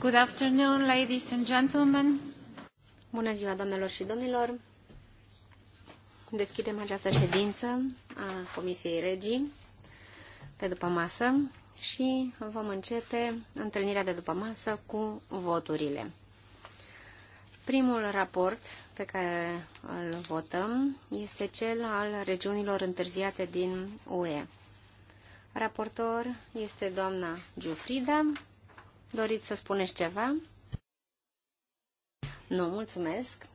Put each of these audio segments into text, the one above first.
Good afternoon, ladies and gentlemen. Bună ziua, doamnelor și domnilor. Deschidem această ședință a Comisiei Regii pe după masă și vom începe întâlnirea de după masă cu voturile. Primul raport pe care îl votăm este cel al regiunilor întârziate din UE. Raportor este doamna Giufrida Doriți să spuneți ceva? Nu, mulțumesc.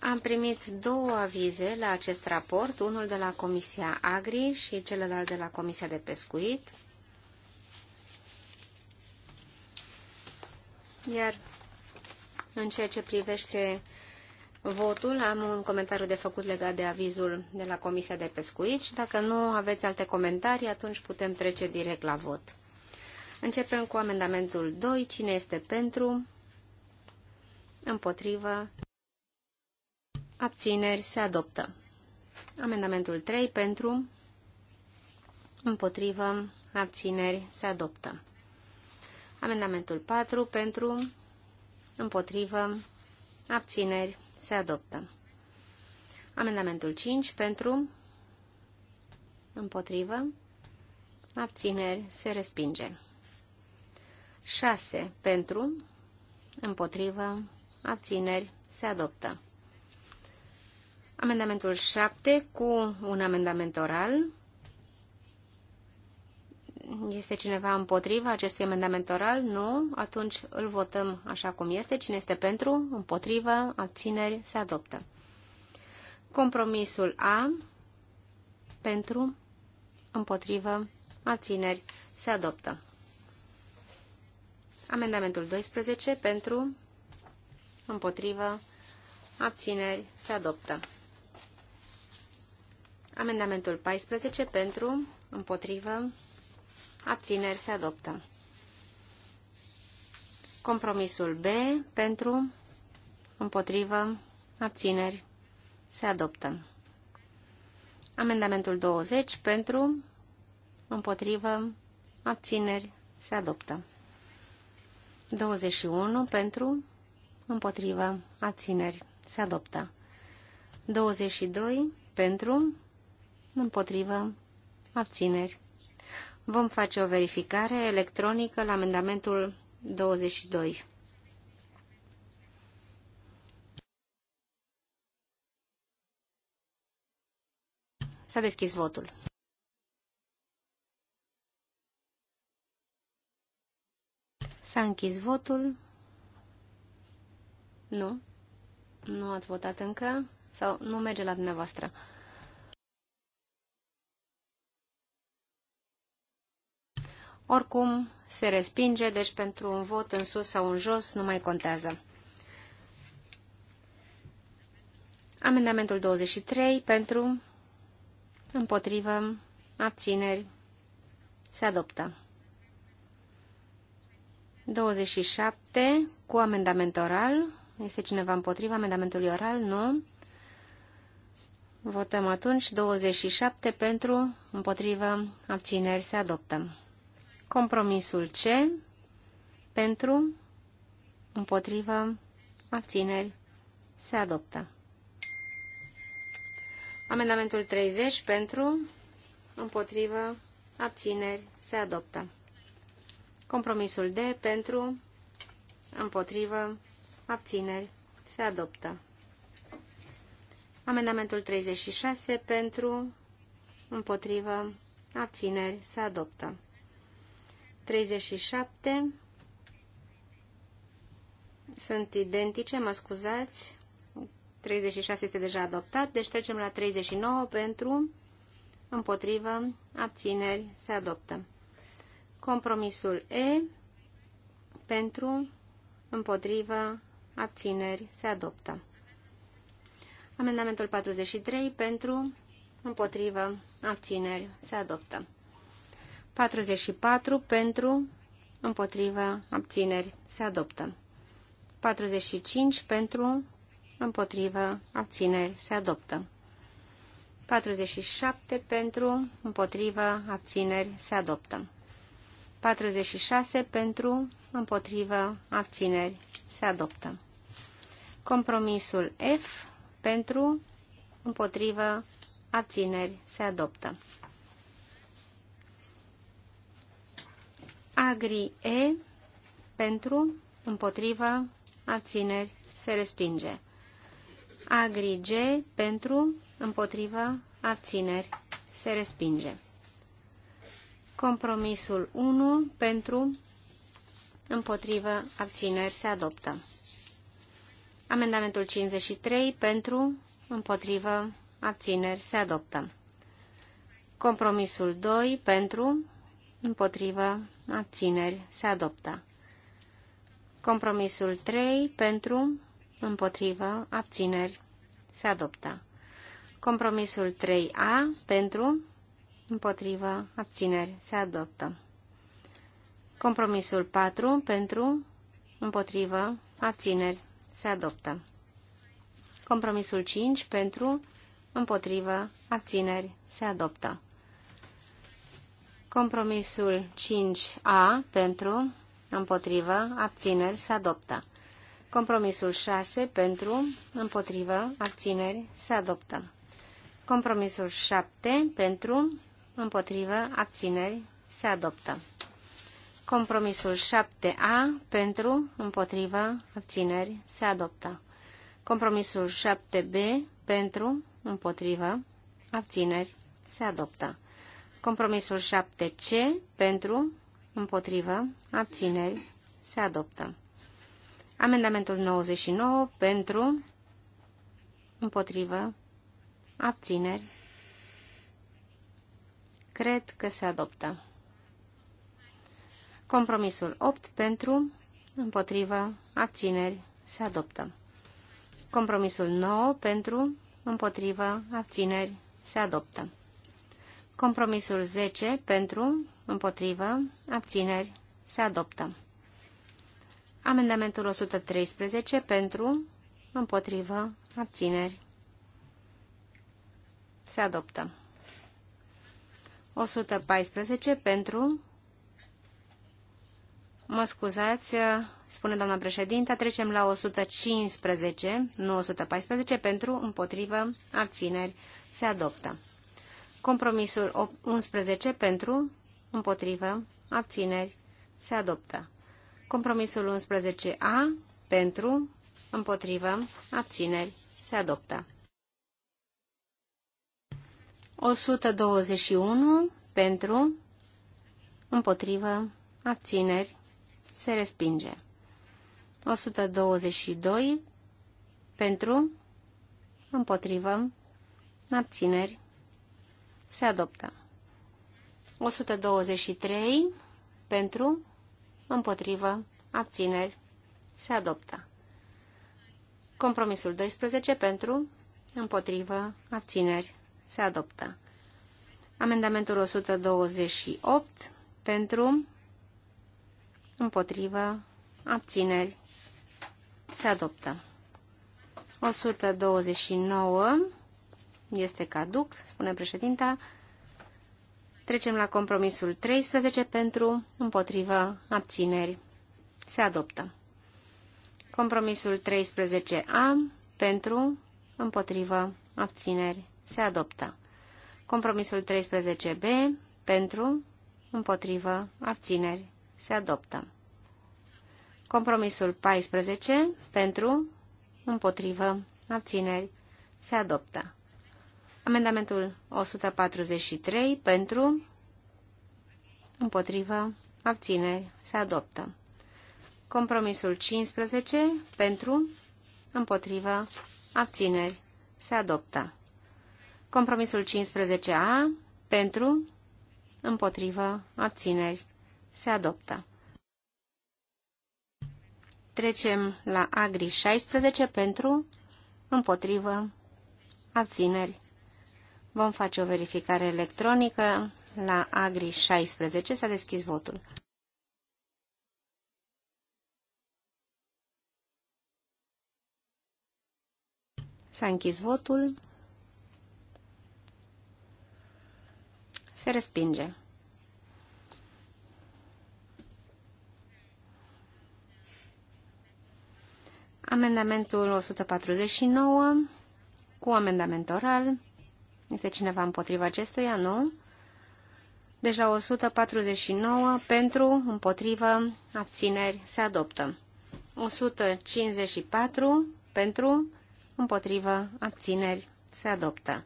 Am primit două avize la acest raport, unul de la Comisia Agri și celălalt de la Comisia de Pescuit. Iar în ceea ce privește votul, am un comentariu de făcut legat de avizul de la Comisia de Pescuit și dacă nu aveți alte comentarii, atunci putem trece direct la vot. Începem cu amendamentul 2. Cine este pentru? Împotrivă. Abțineri. Se adoptă. Amendamentul 3. Pentru. Împotrivă. Abțineri. Se adoptă. Amendamentul 4. Pentru. Împotrivă. Abțineri. Se adoptă. Amendamentul 5. Pentru. Împotrivă. Abțineri. Se respinge. 6 pentru, împotrivă, abțineri, se adoptă. Amendamentul 7 cu un amendament oral. Este cineva împotriva acestui amendament oral? Nu. Atunci îl votăm așa cum este. Cine este pentru? Împotrivă? Abțineri? Se adoptă. Compromisul A. Pentru? Împotrivă? Abțineri? Se adoptă. Amendamentul 12 pentru, împotrivă, abțineri, se adoptă. Amendamentul 14 pentru, împotrivă, abțineri, se adoptă. Compromisul B pentru, împotrivă, abțineri, se adoptă. Amendamentul 20 pentru, împotrivă, abțineri, se adoptă. 21 pentru, împotriva, abțineri, se adoptă. 22 pentru, împotriva, abțineri. Vom face o verificare electronică la amendamentul 22. S-a deschis votul. S-a închis votul. Nu. Nu ați votat încă? Sau nu merge la dumneavoastră? Oricum, se respinge, deci pentru un vot în sus sau în jos nu mai contează. Amendamentul 23 pentru, împotrivă, abțineri, se adoptă. 27 cu amendament oral. Este cineva împotriva amendamentului oral? Nu. Votăm atunci 27 pentru, împotrivă, abțineri, se adoptă. Compromisul C pentru, împotrivă, abțineri, se adoptă. Amendamentul 30 pentru, împotrivă, abțineri, se adoptă. Compromisul D pentru, împotrivă, abțineri, se adoptă. Amendamentul 36 pentru, împotrivă, abțineri, se adoptă. 37 sunt identice, mă scuzați. 36 este deja adoptat, deci trecem la 39 pentru, împotrivă, abțineri, se adoptă. Compromisul E pentru, împotrivă, abțineri se adoptă. Amendamentul 43 pentru, împotrivă, abțineri se adoptă. 44 pentru, împotrivă, abțineri se adoptă. 45 pentru, împotrivă, abțineri se adoptă. 47 pentru, împotrivă, abțineri se adoptă. 46 pentru, împotrivă, abțineri, se adoptă. Compromisul F pentru, împotrivă, abțineri, se adoptă. Agri E pentru, împotrivă, abțineri, se respinge. Agri G pentru, împotrivă, abțineri, se respinge. Compromisul 1 pentru, împotrivă, abțineri se adoptă. Amendamentul 53 pentru, împotrivă, abțineri se adoptă. Compromisul 2 pentru, împotrivă, abțineri se adoptă. Compromisul 3 pentru, împotrivă, abțineri se adoptă. Compromisul 3A pentru, împotrivă, abțineri, se adoptă. Compromisul 4 pentru, împotrivă, abțineri, se adoptă. Compromisul 5 pentru, împotrivă, abțineri, se adoptă. Compromisul 5A pentru, împotrivă, abțineri, se adoptă. Compromisul 6 pentru, împotrivă, abțineri, se adoptă. Compromisul 7 pentru, împotrivă, abțineri, se adoptă. Compromisul 7A pentru, împotrivă, abțineri, se adoptă. Compromisul 7B pentru, împotrivă, abțineri, se adoptă. Compromisul 7C pentru, împotrivă, abțineri, se adoptă. Amendamentul 99 pentru, împotrivă, abțineri, Cred că se adoptă. Compromisul 8 pentru, împotrivă, abțineri, se adoptă. Compromisul 9 pentru, împotrivă, abțineri, se adoptă. Compromisul 10 pentru, împotrivă, abțineri, se adoptă. Amendamentul 113 pentru, împotrivă, abțineri, se adoptă. 114 pentru... Mă scuzați, spune doamna președinte, trecem la 115, nu 114, pentru, împotrivă, abțineri, se adoptă. Compromisul 11 pentru, împotrivă, abțineri, se adoptă. Compromisul 11A pentru, împotrivă, abțineri, se adoptă. 121 pentru, împotrivă, abțineri, se respinge. 122 pentru, împotrivă, abțineri, se adoptă. 123 pentru, împotrivă, abțineri, se adoptă. Compromisul 12 pentru, împotrivă, abțineri, se adoptă. Amendamentul 128 pentru, împotrivă, abțineri. Se adoptă. 129 este caduc, spune președinta. Trecem la compromisul 13 pentru, împotrivă, abțineri. Se adoptă. Compromisul 13A pentru, împotrivă, abțineri se adoptă. Compromisul 13B pentru, împotrivă, abțineri se adoptă. Compromisul 14 pentru, împotrivă, abțineri se adoptă. Amendamentul 143 pentru, împotrivă, abțineri se adoptă. Compromisul 15 pentru, împotrivă, abțineri se adoptă. Compromisul 15A pentru, împotrivă, abțineri se adoptă. Trecem la Agri 16 pentru, împotrivă, abțineri. Vom face o verificare electronică la Agri 16. S-a deschis votul. S-a închis votul. Se respinge. Amendamentul 149 cu amendament oral. Este cineva împotriva acestuia? Nu. Deci la 149 pentru, împotrivă, abțineri se adoptă. 154 pentru, împotrivă, abțineri se adoptă.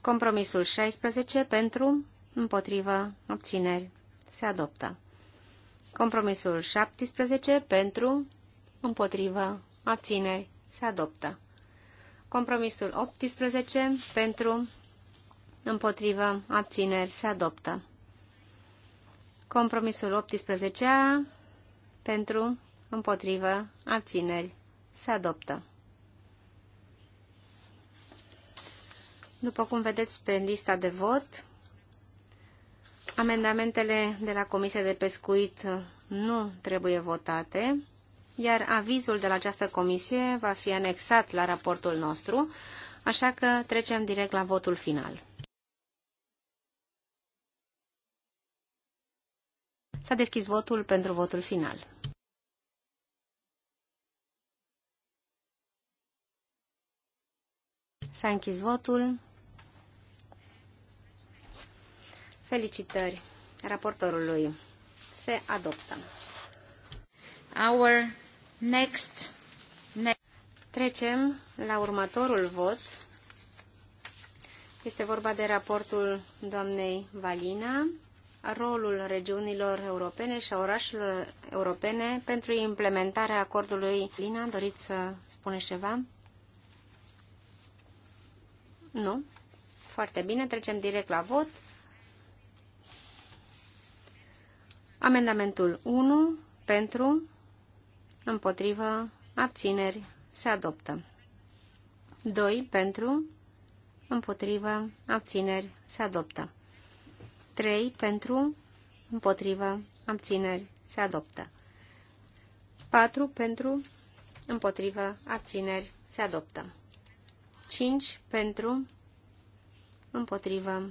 Compromisul 16 pentru, împotrivă, abțineri, se adoptă. Compromisul 17 pentru, împotrivă, abțineri, se adoptă. Compromisul 18 pentru, împotrivă, abțineri, se adoptă. Compromisul 18 pentru, împotrivă, abțineri, se adoptă. După cum vedeți pe lista de vot, Amendamentele de la Comisia de Pescuit nu trebuie votate, iar avizul de la această comisie va fi anexat la raportul nostru, așa că trecem direct la votul final. S-a deschis votul pentru votul final. S-a închis votul. Felicitări raportorului. Se adoptă. Our next, next. Trecem la următorul vot. Este vorba de raportul doamnei Valina, rolul regiunilor europene și a orașelor europene pentru implementarea acordului. Lina, doriți să spuneți ceva? Nu? Foarte bine, trecem direct la vot. Amendamentul 1 pentru, împotrivă, abțineri, se adoptă. 2 pentru, împotrivă, abțineri, se adoptă. 3 pentru, împotrivă, abțineri, se adoptă. 4 pentru, împotrivă, abțineri, se adoptă. 5 pentru, împotrivă,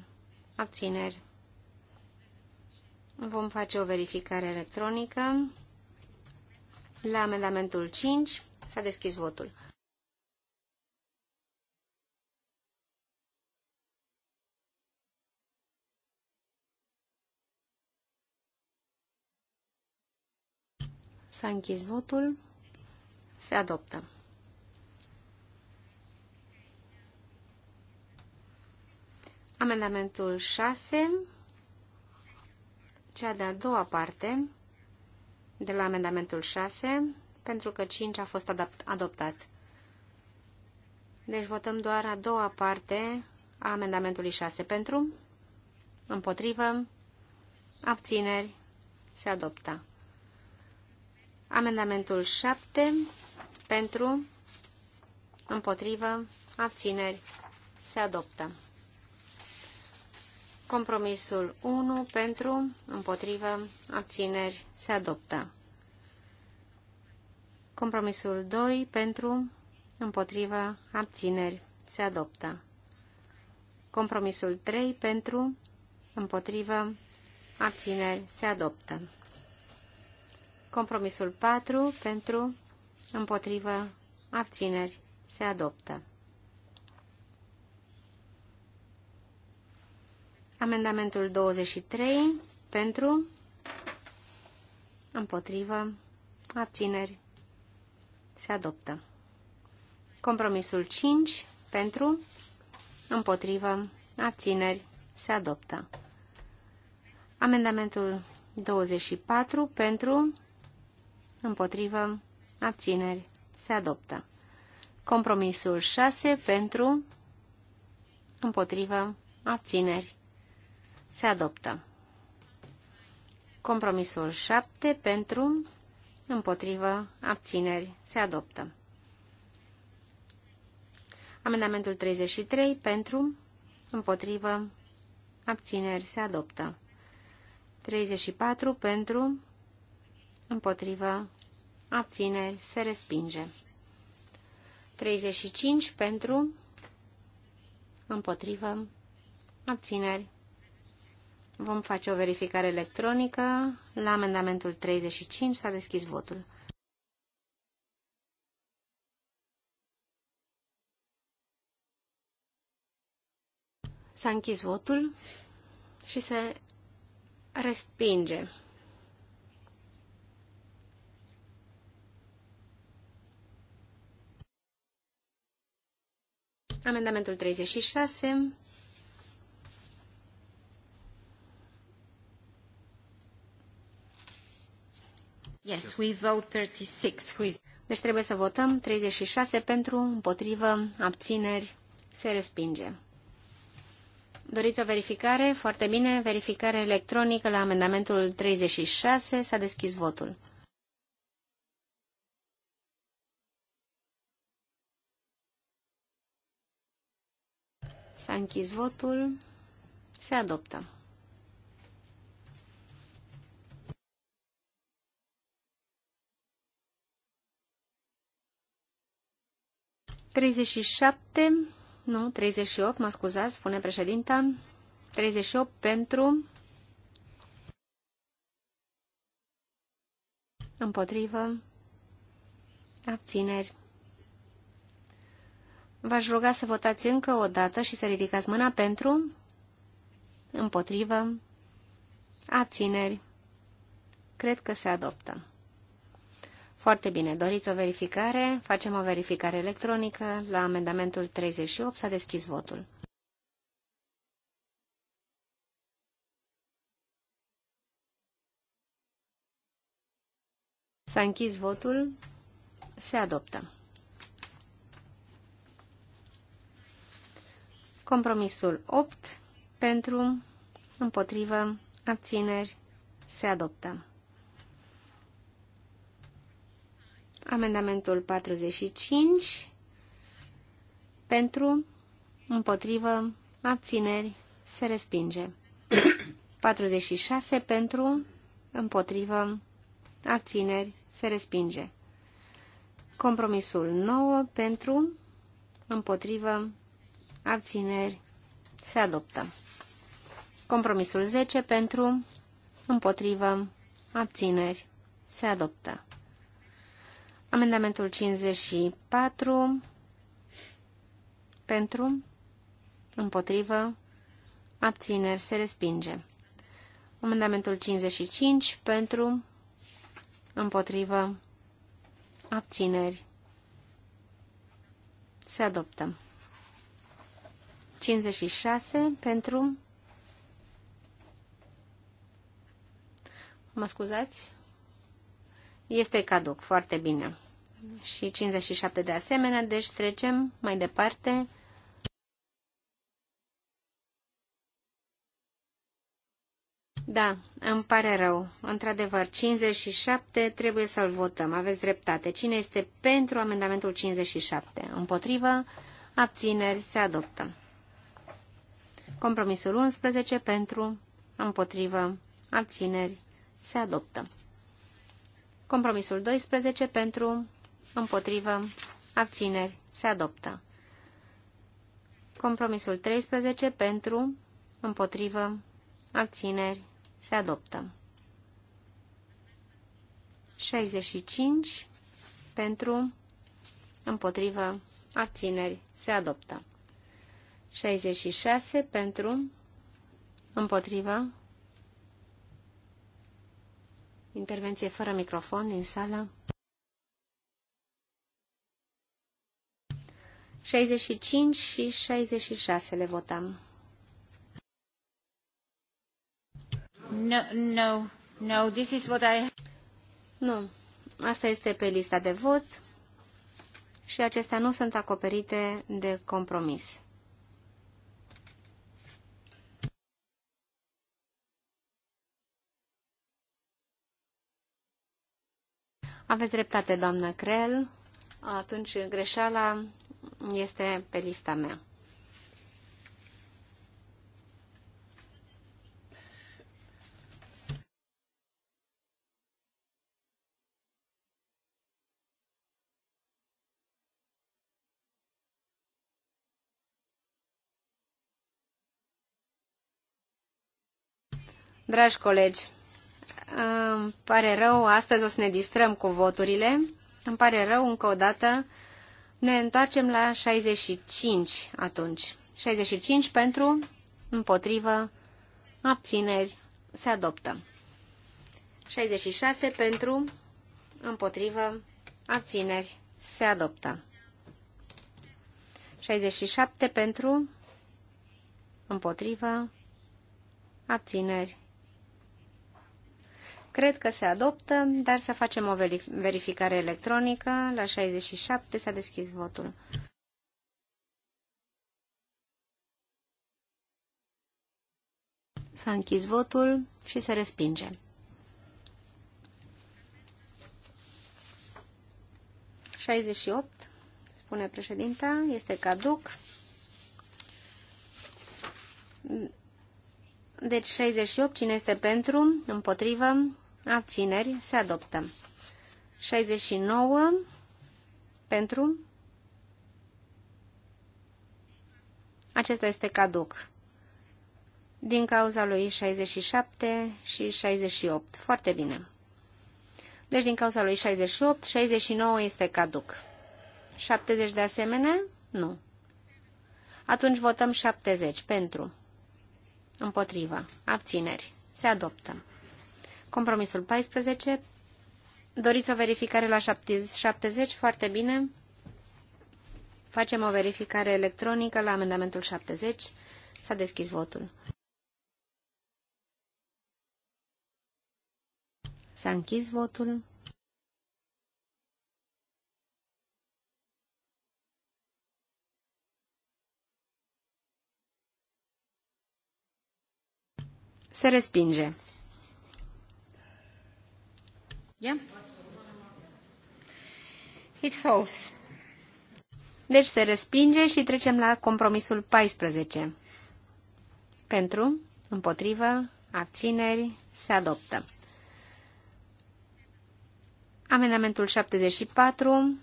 abțineri, Vom face o verificare electronică. La amendamentul 5 s-a deschis votul. S-a închis votul. Se adoptă. Amendamentul 6 cea de-a doua parte de la amendamentul 6, pentru că 5 a fost adoptat. Deci votăm doar a doua parte a amendamentului 6 pentru, împotrivă, abțineri, se adoptă. Amendamentul 7 pentru, împotrivă, abțineri, se adoptă. Compromisul 1 pentru, împotrivă, abțineri, se adoptă. Compromisul 2 pentru, împotrivă, abțineri, se adoptă. Compromisul 3 pentru, împotrivă, abțineri, se adoptă. Compromisul 4 pentru, împotrivă, abțineri, se adoptă. Amendamentul 23 pentru, împotrivă, abțineri, se adoptă. Compromisul 5 pentru, împotrivă, abțineri, se adoptă. Amendamentul 24 pentru, împotrivă, abțineri, se adoptă. Compromisul 6 pentru, împotrivă, abțineri, se adoptă. Compromisul 7 pentru, împotrivă, abțineri. Se adoptă. Amendamentul 33 pentru, împotrivă, abțineri. Se adoptă. 34 pentru, împotrivă, abțineri. Se respinge. 35 pentru, împotrivă, abțineri. Vom face o verificare electronică. La amendamentul 35 s-a deschis votul. S-a închis votul și se respinge. Amendamentul 36 Yes, we vote 36. Deci trebuie să votăm 36 pentru, împotrivă, abțineri, se respinge. Doriți o verificare? Foarte bine, verificare electronică la amendamentul 36. S-a deschis votul. S-a închis votul. Se adoptă. 37, nu, 38, mă scuzați, spune președinta. 38 pentru, împotrivă, abțineri. V-aș ruga să votați încă o dată și să ridicați mâna pentru, împotrivă, abțineri. Cred că se adoptă. Foarte bine, doriți o verificare? Facem o verificare electronică. La amendamentul 38 s-a deschis votul. S-a închis votul. Se adoptă. Compromisul 8 pentru, împotrivă, abțineri, se adoptă. Amendamentul 45 pentru, împotrivă, abțineri, se respinge. 46 pentru, împotrivă, abțineri, se respinge. Compromisul 9 pentru, împotrivă, abțineri, se adoptă. Compromisul 10 pentru, împotrivă, abțineri, se adoptă. Amendamentul 54 pentru, împotrivă, abțineri, se respinge. Amendamentul 55 pentru, împotrivă, abțineri, se adoptă. 56 pentru, mă scuzați, este caduc, foarte bine și 57 de asemenea, deci trecem mai departe. Da, îmi pare rău. Într-adevăr, 57 trebuie să-l votăm. Aveți dreptate. Cine este pentru amendamentul 57? Împotrivă? Abțineri? Se adoptă. Compromisul 11 pentru? Împotrivă? Abțineri? Se adoptă. Compromisul 12 pentru? împotrivă, abțineri, se adoptă. Compromisul 13 pentru, împotrivă, abțineri, se adoptă. 65 pentru, împotrivă, abțineri, se adoptă. 66 pentru, împotrivă, intervenție fără microfon din sală. 65 și 66 le votăm. No, no, no, this is what I... Nu, asta este pe lista de vot și acestea nu sunt acoperite de compromis. Aveți dreptate, doamnă Crel. Atunci greșeala este pe lista mea. Dragi colegi, îmi pare rău, astăzi o să ne distrăm cu voturile. Îmi pare rău încă o dată ne întoarcem la 65 atunci. 65 pentru, împotrivă, abțineri, se adoptă. 66 pentru, împotrivă, abțineri, se adoptă. 67 pentru, împotrivă, abțineri, Cred că se adoptă, dar să facem o verificare electronică. La 67 s-a deschis votul. S-a închis votul și se respinge. ...68, spune președinta, este caduc. Deci 68, cine este pentru, împotrivă, abțineri, se adoptă. 69 pentru. Acesta este caduc. Din cauza lui 67 și 68. Foarte bine. Deci din cauza lui 68, 69 este caduc. 70 de asemenea? Nu. Atunci votăm 70 pentru. Împotriva. Abțineri. Se adoptă. Compromisul 14. Doriți o verificare la 70? Foarte bine. Facem o verificare electronică la amendamentul 70. S-a deschis votul. S-a închis votul. Se respinge. Yeah? It falls. Deci se respinge și trecem la compromisul 14. Pentru, împotrivă, abțineri, se adoptă. Amendamentul 74.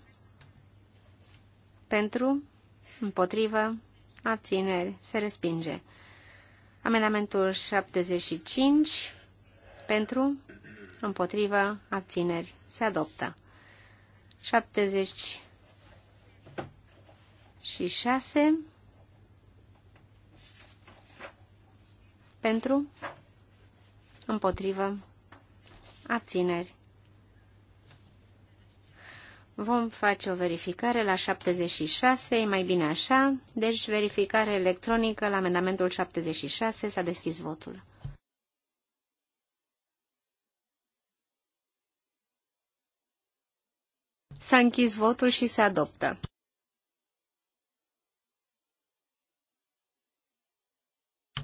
Pentru, împotrivă, abțineri, se respinge. Amendamentul 75. Pentru, Împotriva, abțineri, se adoptă. 76 pentru, împotrivă, abțineri. Vom face o verificare la 76, e mai bine așa, deci verificare electronică la amendamentul 76, s-a deschis votul. S-a închis votul și se adoptă.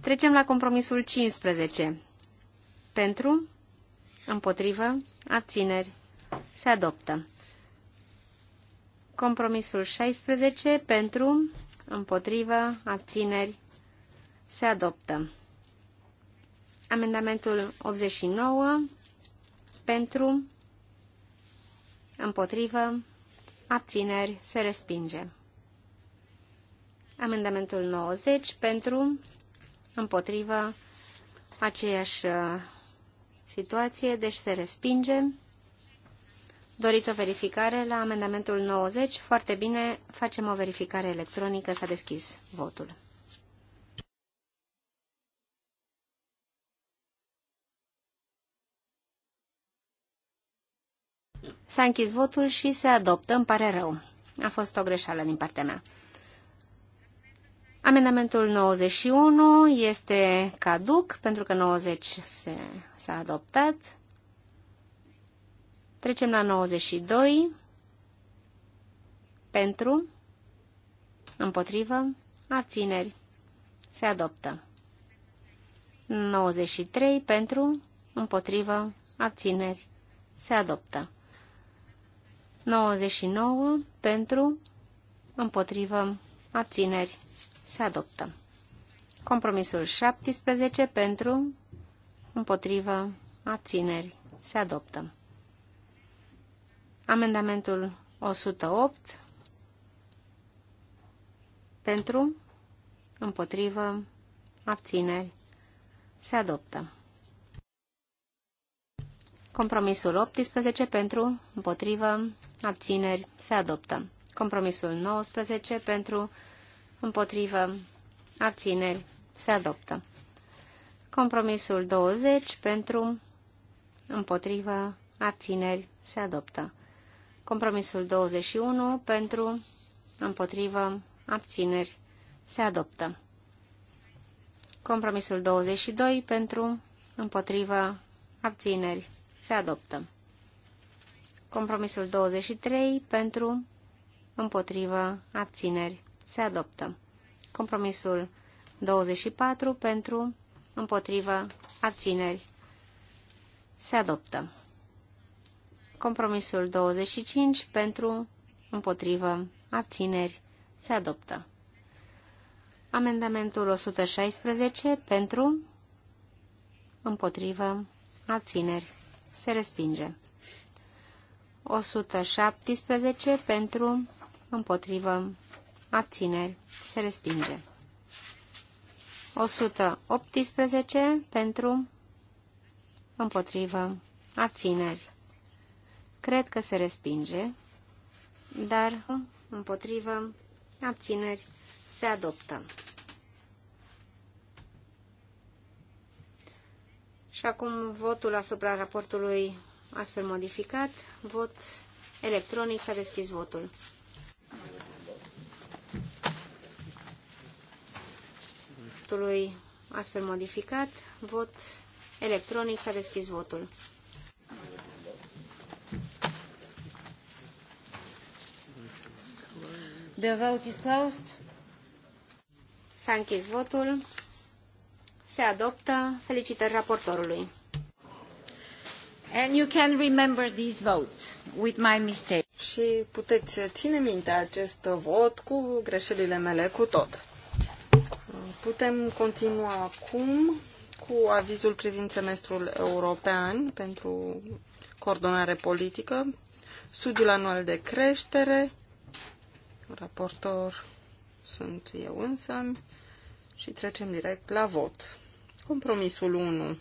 Trecem la compromisul 15. Pentru, împotrivă, abțineri, se adoptă. Compromisul 16. Pentru, împotrivă, abțineri, se adoptă. Amendamentul 89. Pentru, împotrivă, abțineri, se respinge. Amendamentul 90 pentru, împotrivă, aceeași uh, situație, deci se respinge. Doriți o verificare la amendamentul 90? Foarte bine, facem o verificare electronică, s-a deschis votul. S-a închis votul și se adoptă. Îmi pare rău. A fost o greșeală din partea mea. Amendamentul 91 este caduc pentru că 90 s-a adoptat. Trecem la 92. Pentru, împotrivă, abțineri. Se adoptă. 93 pentru, împotrivă, abțineri. Se adoptă. 99 pentru, împotrivă, abțineri, se adoptă. Compromisul 17 pentru, împotrivă, abțineri, se adoptă. Amendamentul 108 pentru, împotrivă, abțineri, se adoptă. Compromisul 18 pentru, împotrivă, abțineri, se adoptă. Compromisul 19 pentru, împotrivă, abțineri, se adoptă. Compromisul 20 pentru, împotrivă, abțineri, se adoptă. Compromisul 21 pentru, împotrivă, abțineri, se adoptă. Compromisul 22 pentru, împotrivă, abțineri, se adoptă. Compromisul 23 pentru, împotrivă, abțineri, se adoptă. Compromisul 24 pentru, împotrivă, abțineri, se adoptă. Compromisul 25 pentru, împotrivă, abțineri, se adoptă. Amendamentul 116 pentru, împotrivă, abțineri, se respinge. 117 pentru, împotrivă, abțineri, se respinge. 118 pentru, împotrivă, abțineri. Cred că se respinge, dar împotrivă, abțineri, se adoptă. Și acum votul asupra raportului astfel modificat. Vot electronic. S-a deschis votul. Votului astfel modificat. Vot electronic. S-a deschis votul. The vote is closed. S-a închis votul. Se adoptă. Felicitări raportorului. And you can remember this vote with my mistake. Și puteți ține minte acest vot cu greșelile mele cu tot. Putem continua acum cu avizul privind semestrul european pentru coordonare politică, studiul anual de creștere, raportor sunt eu însă și trecem direct la vot. Compromisul 1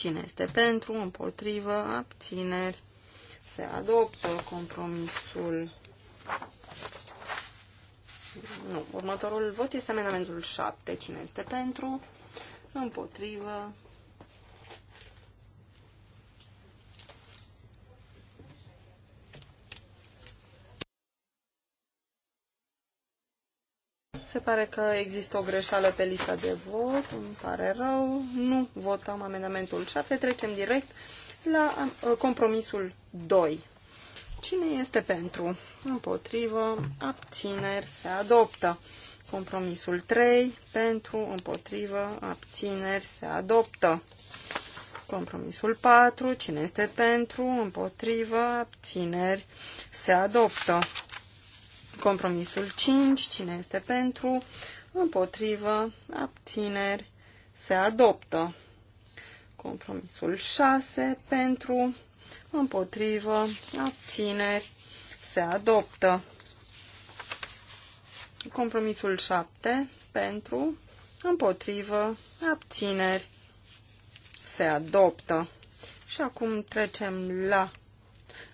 Cine este pentru, împotrivă, abțineri, se adoptă compromisul. Nu, următorul vot este amendamentul 7. Cine este pentru, împotrivă, Se pare că există o greșeală pe lista de vot, îmi pare rău, nu votăm amendamentul 7, trecem direct la uh, compromisul 2. Cine este pentru? Împotrivă, abțineri, se adoptă. Compromisul 3, pentru, împotrivă, abțineri, se adoptă. Compromisul 4, cine este pentru, împotrivă, abțineri, se adoptă. Compromisul 5, cine este pentru, împotrivă, abțineri, se adoptă. Compromisul 6, pentru, împotrivă, abțineri, se adoptă. Compromisul 7, pentru, împotrivă, abțineri, se adoptă. Și acum trecem la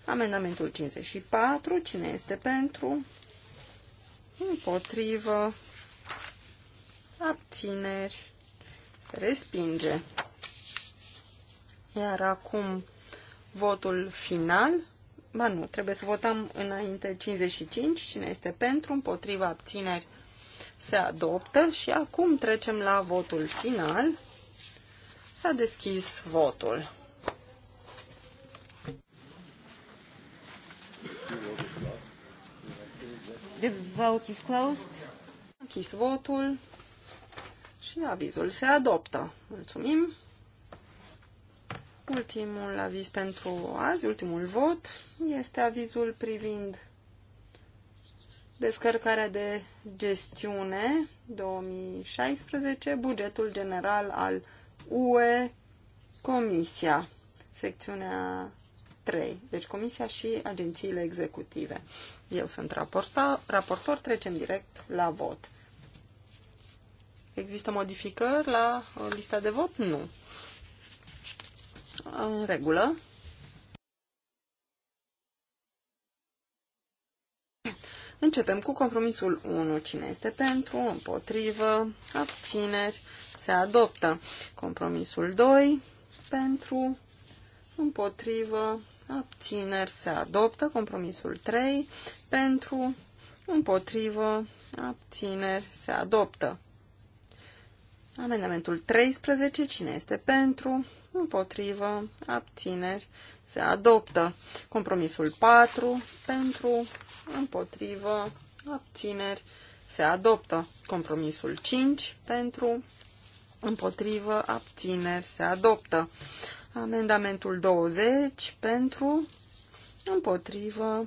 amendamentul 54. Cine este pentru? împotrivă, abțineri, se respinge. Iar acum votul final, ba nu, trebuie să votăm înainte 55, cine este pentru, împotrivă, abțineri, se adoptă și acum trecem la votul final. S-a deschis votul. The vote is closed. Închis votul și avizul se adoptă. Mulțumim. Ultimul aviz pentru azi, ultimul vot, este avizul privind descărcarea de gestiune 2016, bugetul general al UE, Comisia, secțiunea 3. Deci Comisia și agențiile executive. Eu sunt raportor, raportor trecem direct la vot. Există modificări la uh, lista de vot? Nu. În regulă. Începem cu compromisul 1. Cine este pentru, împotrivă, abțineri, se adoptă. Compromisul 2, pentru, împotrivă, abțineri se adoptă, compromisul 3 pentru, împotrivă, abțineri se adoptă. Amendamentul 13, cine este pentru, împotrivă, abțineri se adoptă. Compromisul 4 pentru, împotrivă, abțineri se adoptă. Compromisul 5 pentru, împotrivă, abțineri se adoptă. Amendamentul 20 pentru, împotrivă,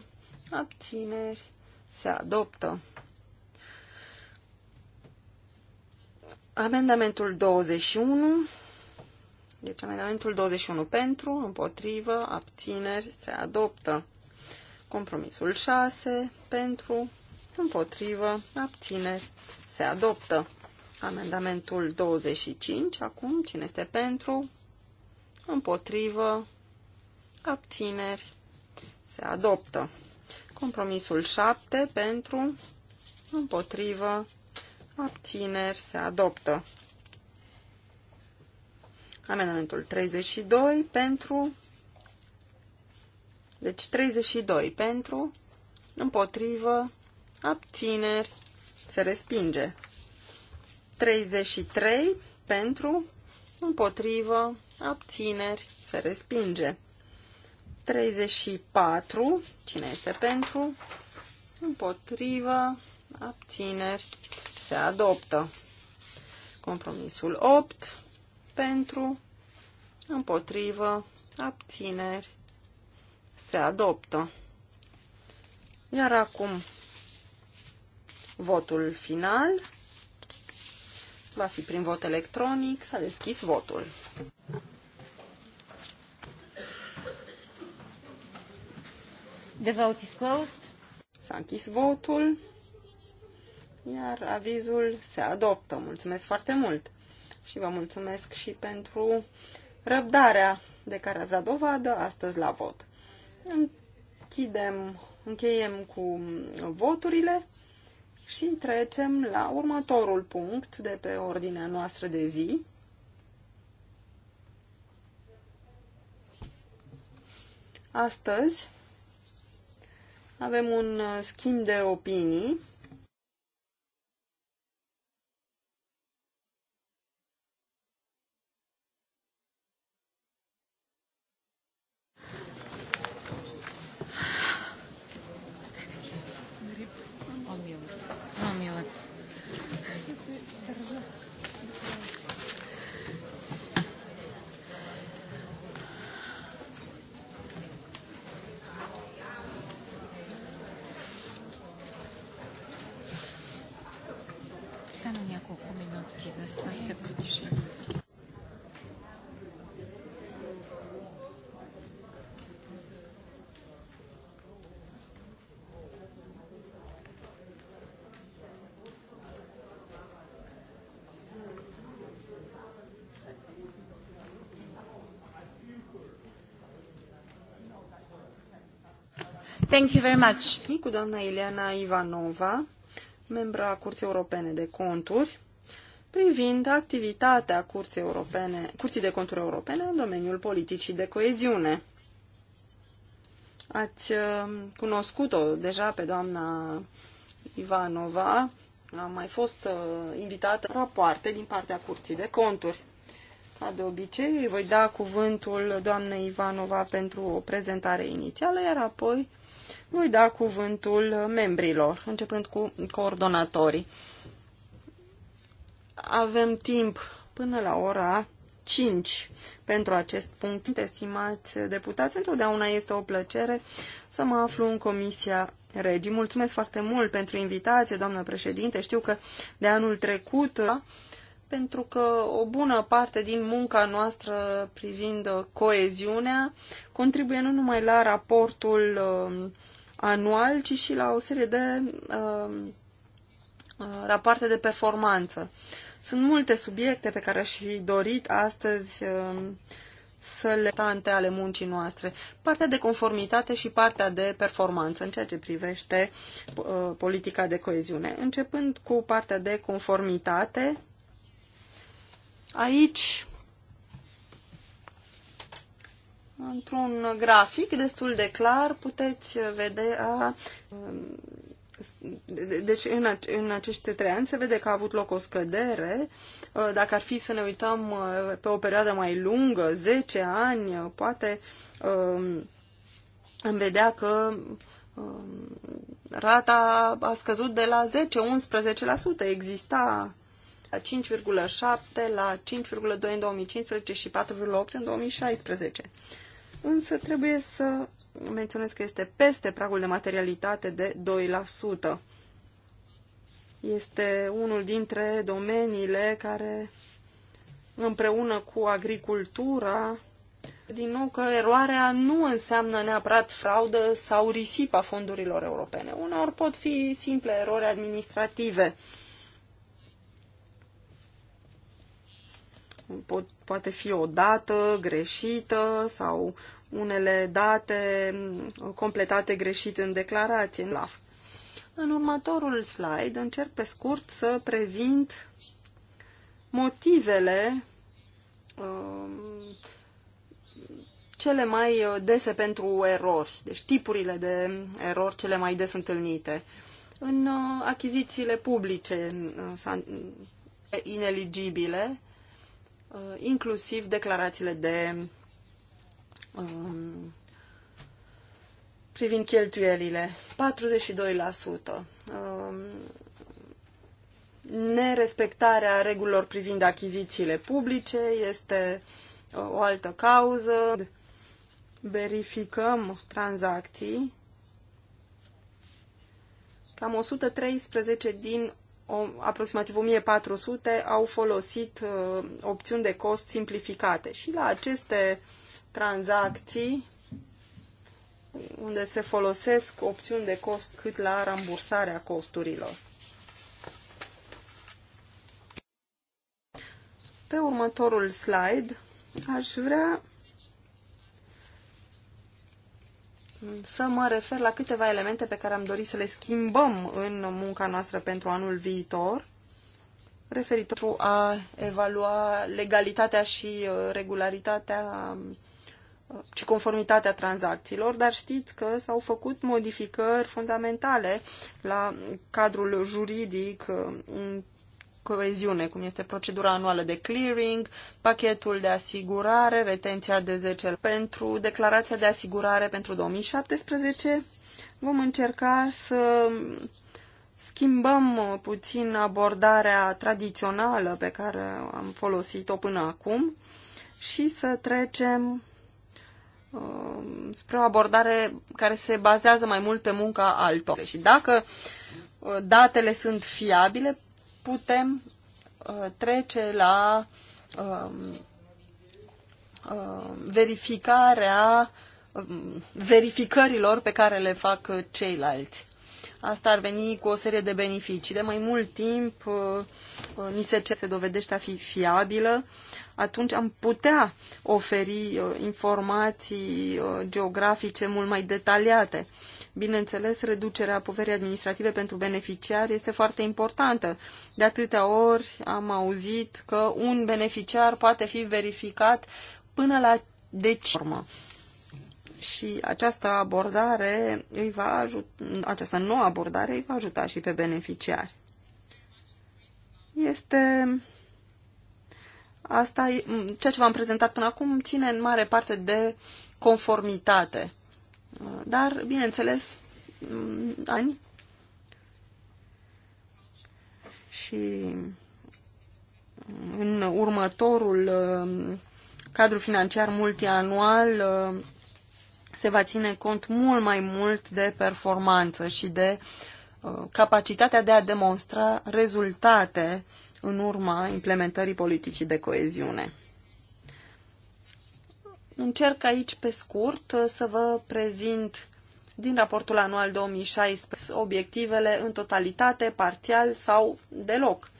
abțineri, se adoptă. Amendamentul 21, deci amendamentul 21 pentru, împotrivă, abțineri, se adoptă. Compromisul 6 pentru, împotrivă, abțineri, se adoptă. Amendamentul 25, acum cine este pentru, împotrivă, abțineri, se adoptă. Compromisul 7 pentru, împotrivă, abțineri, se adoptă. Amendamentul 32 pentru, deci 32 pentru, împotrivă, abțineri, se respinge. 33 pentru, împotrivă, abțineri, se respinge. 34, cine este pentru, împotrivă, abțineri, se adoptă. Compromisul 8, pentru, împotrivă, abțineri, se adoptă. Iar acum votul final va fi prin vot electronic, s-a deschis votul. The vote is closed. S-a închis votul, iar avizul se adoptă. Mulțumesc foarte mult și vă mulțumesc și pentru răbdarea de care ați dat dovadă astăzi la vot. Închidem, încheiem cu voturile și trecem la următorul punct de pe ordinea noastră de zi. Astăzi avem un uh, schimb de opinii Thank you very much. Cu doamna Ileana Ivanova, membra Curții Europene de Conturi, privind activitatea Curții, Europene, Curții de Conturi Europene în domeniul politicii de coeziune. Ați um, cunoscut-o deja pe doamna Ivanova, a mai fost uh, invitată rapoarte din partea Curții de Conturi. Ca de obicei, voi da cuvântul doamnei Ivanova pentru o prezentare inițială, iar apoi voi da cuvântul membrilor, începând cu coordonatorii. Avem timp până la ora 5 pentru acest punct. Estimați deputați, întotdeauna este o plăcere să mă aflu în Comisia Regi. Mulțumesc foarte mult pentru invitație, doamnă președinte. Știu că de anul trecut, pentru că o bună parte din munca noastră privind coeziunea contribuie nu numai la raportul um, anual, ci și la o serie de um, uh, rapoarte de performanță. Sunt multe subiecte pe care aș fi dorit astăzi uh, să le tante ale muncii noastre. Partea de conformitate și partea de performanță în ceea ce privește uh, politica de coeziune. Începând cu partea de conformitate, aici Într-un grafic destul de clar puteți vedea, um, deci în, în aceste trei ani se vede că a avut loc o scădere. Uh, dacă ar fi să ne uităm uh, pe o perioadă mai lungă, 10 ani, uh, poate um, am vedea că um, rata a scăzut de la 10-11%. Exista la 5,7, la 5,2 în 2015 și 4,8 în 2016 însă trebuie să menționez că este peste pragul de materialitate de 2%. Este unul dintre domeniile care, împreună cu agricultura, din nou că eroarea nu înseamnă neapărat fraudă sau risipa fondurilor europene. Uneori pot fi simple erori administrative. pot, poate fi o dată greșită sau unele date completate greșit în declarație, în LAF. În următorul slide încerc pe scurt să prezint motivele um, cele mai dese pentru erori, deci tipurile de erori cele mai des întâlnite. În uh, achizițiile publice uh, ineligibile, Uh, inclusiv declarațiile de um, privind cheltuielile, 42%. Um, nerespectarea regulilor privind achizițiile publice este uh, o altă cauză. Verificăm tranzacții. Cam 113 din o, aproximativ 1400 au folosit uh, opțiuni de cost simplificate și la aceste tranzacții unde se folosesc opțiuni de cost cât la rambursarea costurilor. Pe următorul slide aș vrea să mă refer la câteva elemente pe care am dorit să le schimbăm în munca noastră pentru anul viitor, referitor a evalua legalitatea și uh, regularitatea uh, și conformitatea tranzacțiilor, dar știți că s-au făcut modificări fundamentale la cadrul juridic uh, în coeziune, cum este procedura anuală de clearing, pachetul de asigurare, retenția de 10 pentru declarația de asigurare pentru 2017. Vom încerca să schimbăm puțin abordarea tradițională pe care am folosit-o până acum și să trecem um, spre o abordare care se bazează mai mult pe munca altor. Și dacă uh, datele sunt fiabile, putem uh, trece la um, uh, verificarea um, verificărilor pe care le fac ceilalți. Asta ar veni cu o serie de beneficii. De mai mult timp uh, ni se, se dovedește a fi fiabilă, atunci am putea oferi informații geografice mult mai detaliate. Bineînțeles, reducerea poverii administrative pentru beneficiari este foarte importantă. De atâtea ori am auzit că un beneficiar poate fi verificat până la deci și această abordare îi va ajuta, această nouă abordare îi va ajuta și pe beneficiari. Este asta, ceea ce v-am prezentat până acum ține în mare parte de conformitate. Dar, bineînțeles, mm, ani și în următorul mm, cadru financiar multianual mm, se va ține cont mult mai mult de performanță și de capacitatea de a demonstra rezultate în urma implementării politicii de coeziune. Încerc aici pe scurt să vă prezint din raportul anual 2016 obiectivele în totalitate, parțial sau deloc.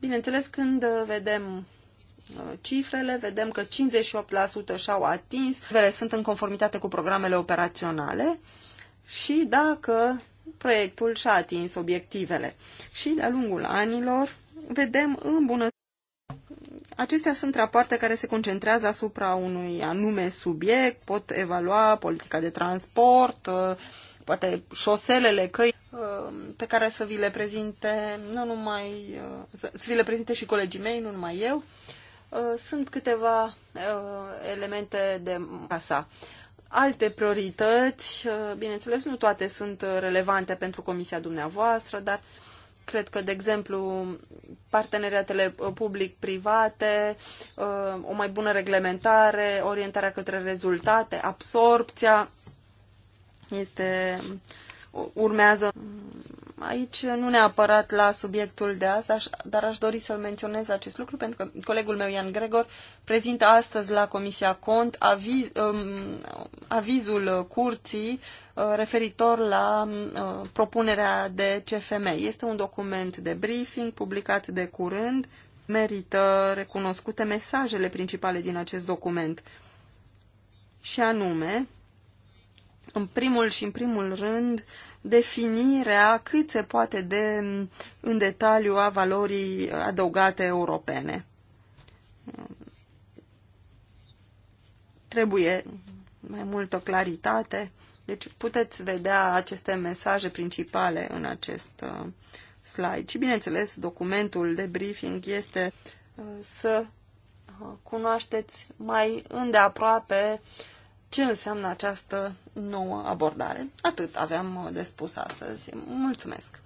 Bineînțeles, când vedem uh, cifrele, vedem că 58% și-au atins, sunt în conformitate cu programele operaționale și dacă proiectul și-a atins obiectivele. Și de-a lungul anilor vedem îmbunătățiri Acestea sunt rapoarte care se concentrează asupra unui anume subiect, pot evalua politica de transport, uh, poate șoselele, căi, uh, pe care să vi le prezinte nu numai, uh, să vi le prezinte și colegii mei, nu numai eu. Sunt câteva elemente de masa. Alte priorități, bineînțeles, nu toate sunt relevante pentru comisia dumneavoastră, dar uh, Cred că, de exemplu, parteneriatele public-private, uh, o mai bună reglementare, orientarea către rezultate, absorpția este urmează Aici nu neapărat la subiectul de azi, dar aș dori să-l menționez acest lucru, pentru că colegul meu, Ian Gregor, prezintă astăzi la Comisia Cont aviz, um, avizul curții uh, referitor la um, uh, propunerea de CFM. Este un document de briefing publicat de curând. Merită recunoscute mesajele principale din acest document. Și anume, în primul și în primul rând, definirea cât se poate de în detaliu a valorii adăugate europene. Trebuie mai multă claritate. Deci puteți vedea aceste mesaje principale în acest uh, slide. Și bineînțeles, documentul de briefing este uh, să uh, cunoașteți mai îndeaproape uh, ce înseamnă această nouă abordare. Atât aveam de spus astăzi. Mulțumesc!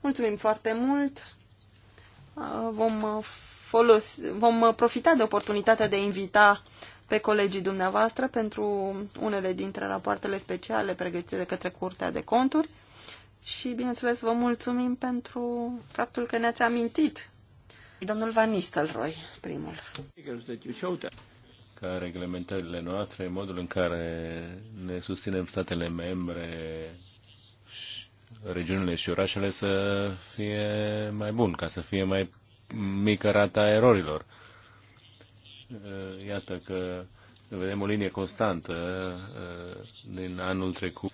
Mulțumim foarte mult! Vom, folosi, vom profita de oportunitatea de a invita pe colegii dumneavoastră pentru unele dintre rapoartele speciale pregătite de către Curtea de Conturi și, bineînțeles, vă mulțumim pentru faptul că ne-ați amintit. Domnul Van Nistelrooy, primul ca reglementările noastre, modul în care ne susținem statele membre, regiunile și orașele să fie mai bun, ca să fie mai mică rata erorilor. Iată că vedem o linie constantă uh, din anul trecut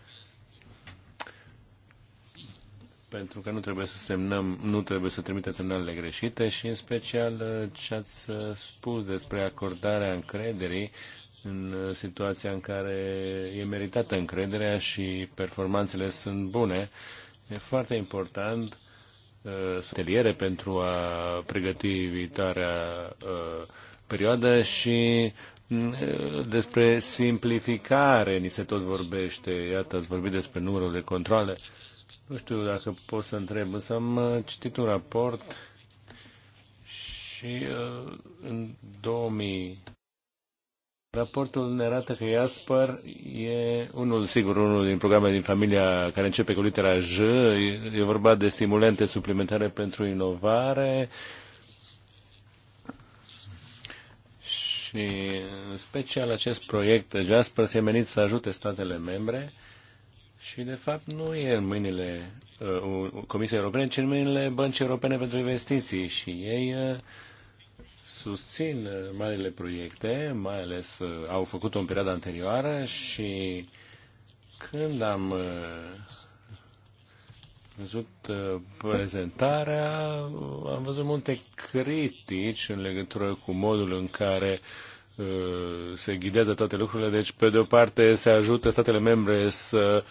pentru că nu trebuie să semnăm, nu trebuie să trimitem semnalele greșite și în special uh, ce ați uh, spus despre acordarea încrederii în uh, situația în care e meritată încrederea și performanțele sunt bune. E foarte important ateliere pentru a pregăti viitoarea perioadă și mm, despre simplificare ni se tot vorbește. Iată, ați vorbit despre numărul de controle. Nu știu dacă pot să întreb, însă am uh, citit un raport și uh, în 2000 Raportul ne arată că Iaspăr e unul, sigur, unul din programele din familia care începe cu litera J. E vorba de stimulente suplimentare pentru inovare și, în special, acest proiect Jasper se menit să ajute statele membre și, de fapt, nu e în mâinile uh, Comisiei Europene, ci în mâinile Băncii Europene pentru Investiții. Și ei uh, susțin uh, marile proiecte, mai ales uh, au făcut-o în perioada anterioară și când am uh, văzut uh, prezentarea, am văzut multe critici în legătură cu modul în care uh, se ghidează toate lucrurile. Deci, pe de o parte, se ajută statele membre să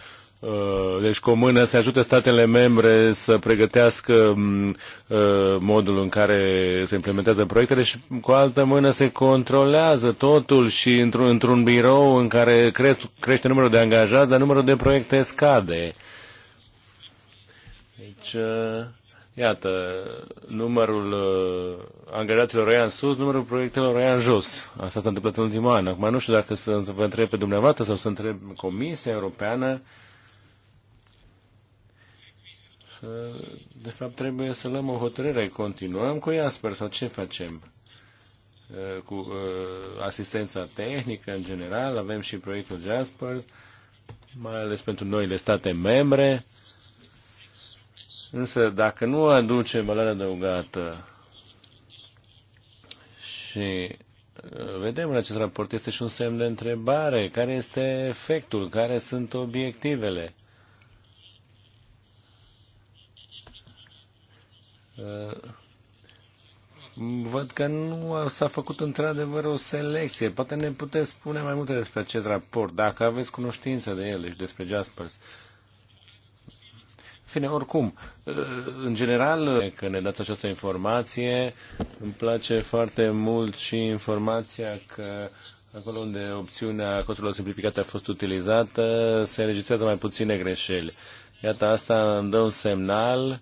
Uh, deci cu o mână se ajută statele membre să pregătească mm, uh, modul în care se implementează proiectele și cu altă mână se controlează totul și într-un, într-un birou în care crește, crește numărul de angajați, dar numărul de proiecte scade. Deci, uh, iată, numărul angajaților roia în sus, numărul proiectelor roia în jos. Asta s-a întâmplat în ultimul an. Acum nu știu dacă să, să vă întreb pe dumneavoastră sau să întreb Comisia Europeană că, de fapt, trebuie să luăm o hotărâre. Continuăm cu Iasper sau ce facem? Uh, cu uh, asistența tehnică, în general, avem și proiectul Jasper, mai ales pentru noile state membre. Însă, dacă nu aduce valoare adăugată și uh, vedem în acest raport, este și un semn de întrebare. Care este efectul? Care sunt obiectivele? Uh, văd că nu s-a făcut într-adevăr o selecție. Poate ne puteți spune mai multe despre acest raport, dacă aveți cunoștință de el și despre Jaspers. fine, oricum, uh, în general, că ne dați această informație, îmi place foarte mult și informația că acolo unde opțiunea costurilor simplificate a fost utilizată, se înregistrează mai puține greșeli. Iată, asta îmi dă un semnal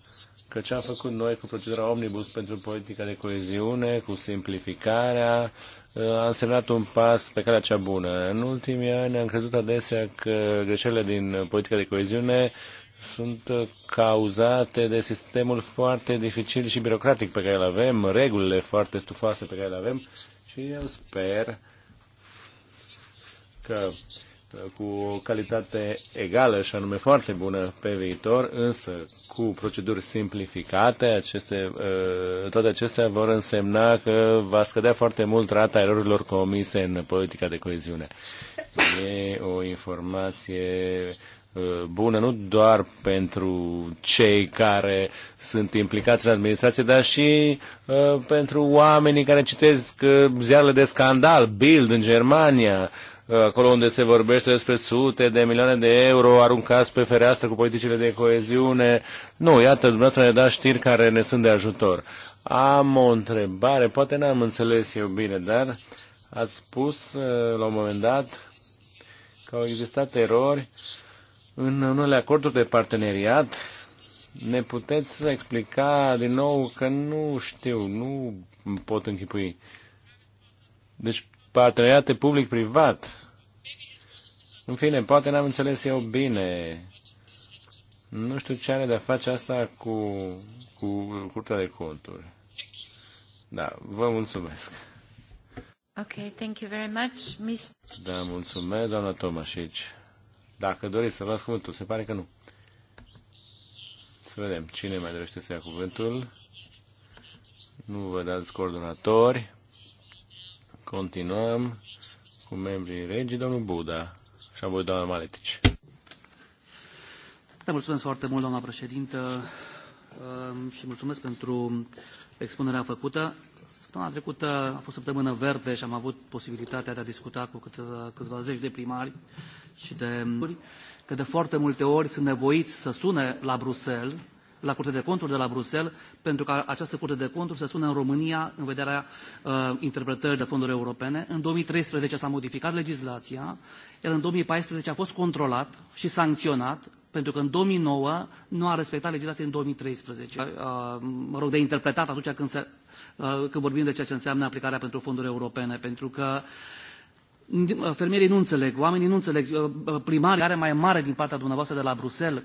că ce am făcut noi cu procedura Omnibus pentru politica de coeziune, cu simplificarea, uh, a însemnat un pas pe calea cea bună. În ultimii ani am crezut adesea că greșelile din politica de coeziune sunt cauzate de sistemul foarte dificil și birocratic pe care îl avem, regulile foarte stufoase pe care le avem și eu sper că cu o calitate egală și anume foarte bună pe viitor, însă cu proceduri simplificate, aceste, uh, toate acestea vor însemna că va scădea foarte mult rata erorilor comise în politica de coeziune. E o informație uh, bună nu doar pentru cei care sunt implicați în administrație, dar și uh, pentru oamenii care citesc uh, ziarele de scandal, Bild în Germania, Uh, acolo unde se vorbește despre sute de milioane de euro aruncați pe fereastră cu politicile de coeziune. Nu, iată, dumneavoastră ne dați știri care ne sunt de ajutor. Am o întrebare, poate n-am înțeles eu bine, dar ați spus uh, la un moment dat că au existat erori în unele acorduri de parteneriat. Ne puteți explica din nou că nu știu, nu pot închipui. Deci parteneriate public-privat. În fine, poate n-am înțeles eu bine. Nu știu ce are de-a face asta cu, cu curtea de conturi. Da, vă mulțumesc. Ok, thank you very much, Miss... Da, mulțumesc, doamna Tomașici. Dacă doriți să luați cuvântul, se pare că nu. Să vedem cine mai dorește să ia cuvântul. Nu vă dați coordonatori. Continuăm cu membrii regii, domnul Buda. Și apoi doamna Maletici. Da, mulțumesc foarte mult, doamna președintă, ehm, și mulțumesc pentru expunerea făcută. Săptămâna trecută a fost săptămână verde și am avut posibilitatea de a discuta cu câteva, câțiva zeci de primari și de că de foarte multe ori sunt nevoiți să sune la Bruxelles la Curtea de Conturi de la Bruxelles, pentru ca această Curte de Conturi să sună în România în vederea uh, interpretării de fonduri europene. În 2013 s-a modificat legislația, iar în 2014 a fost controlat și sancționat pentru că în 2009 nu a respectat legislația în 2013. Uh, mă rog, de interpretat atunci când, se, uh, când vorbim de ceea ce înseamnă aplicarea pentru fonduri europene, pentru că uh, Uh, fermierii nu înțeleg, oamenii nu înțeleg, uh, uh, primarii are mai mare din partea dumneavoastră de la Bruxelles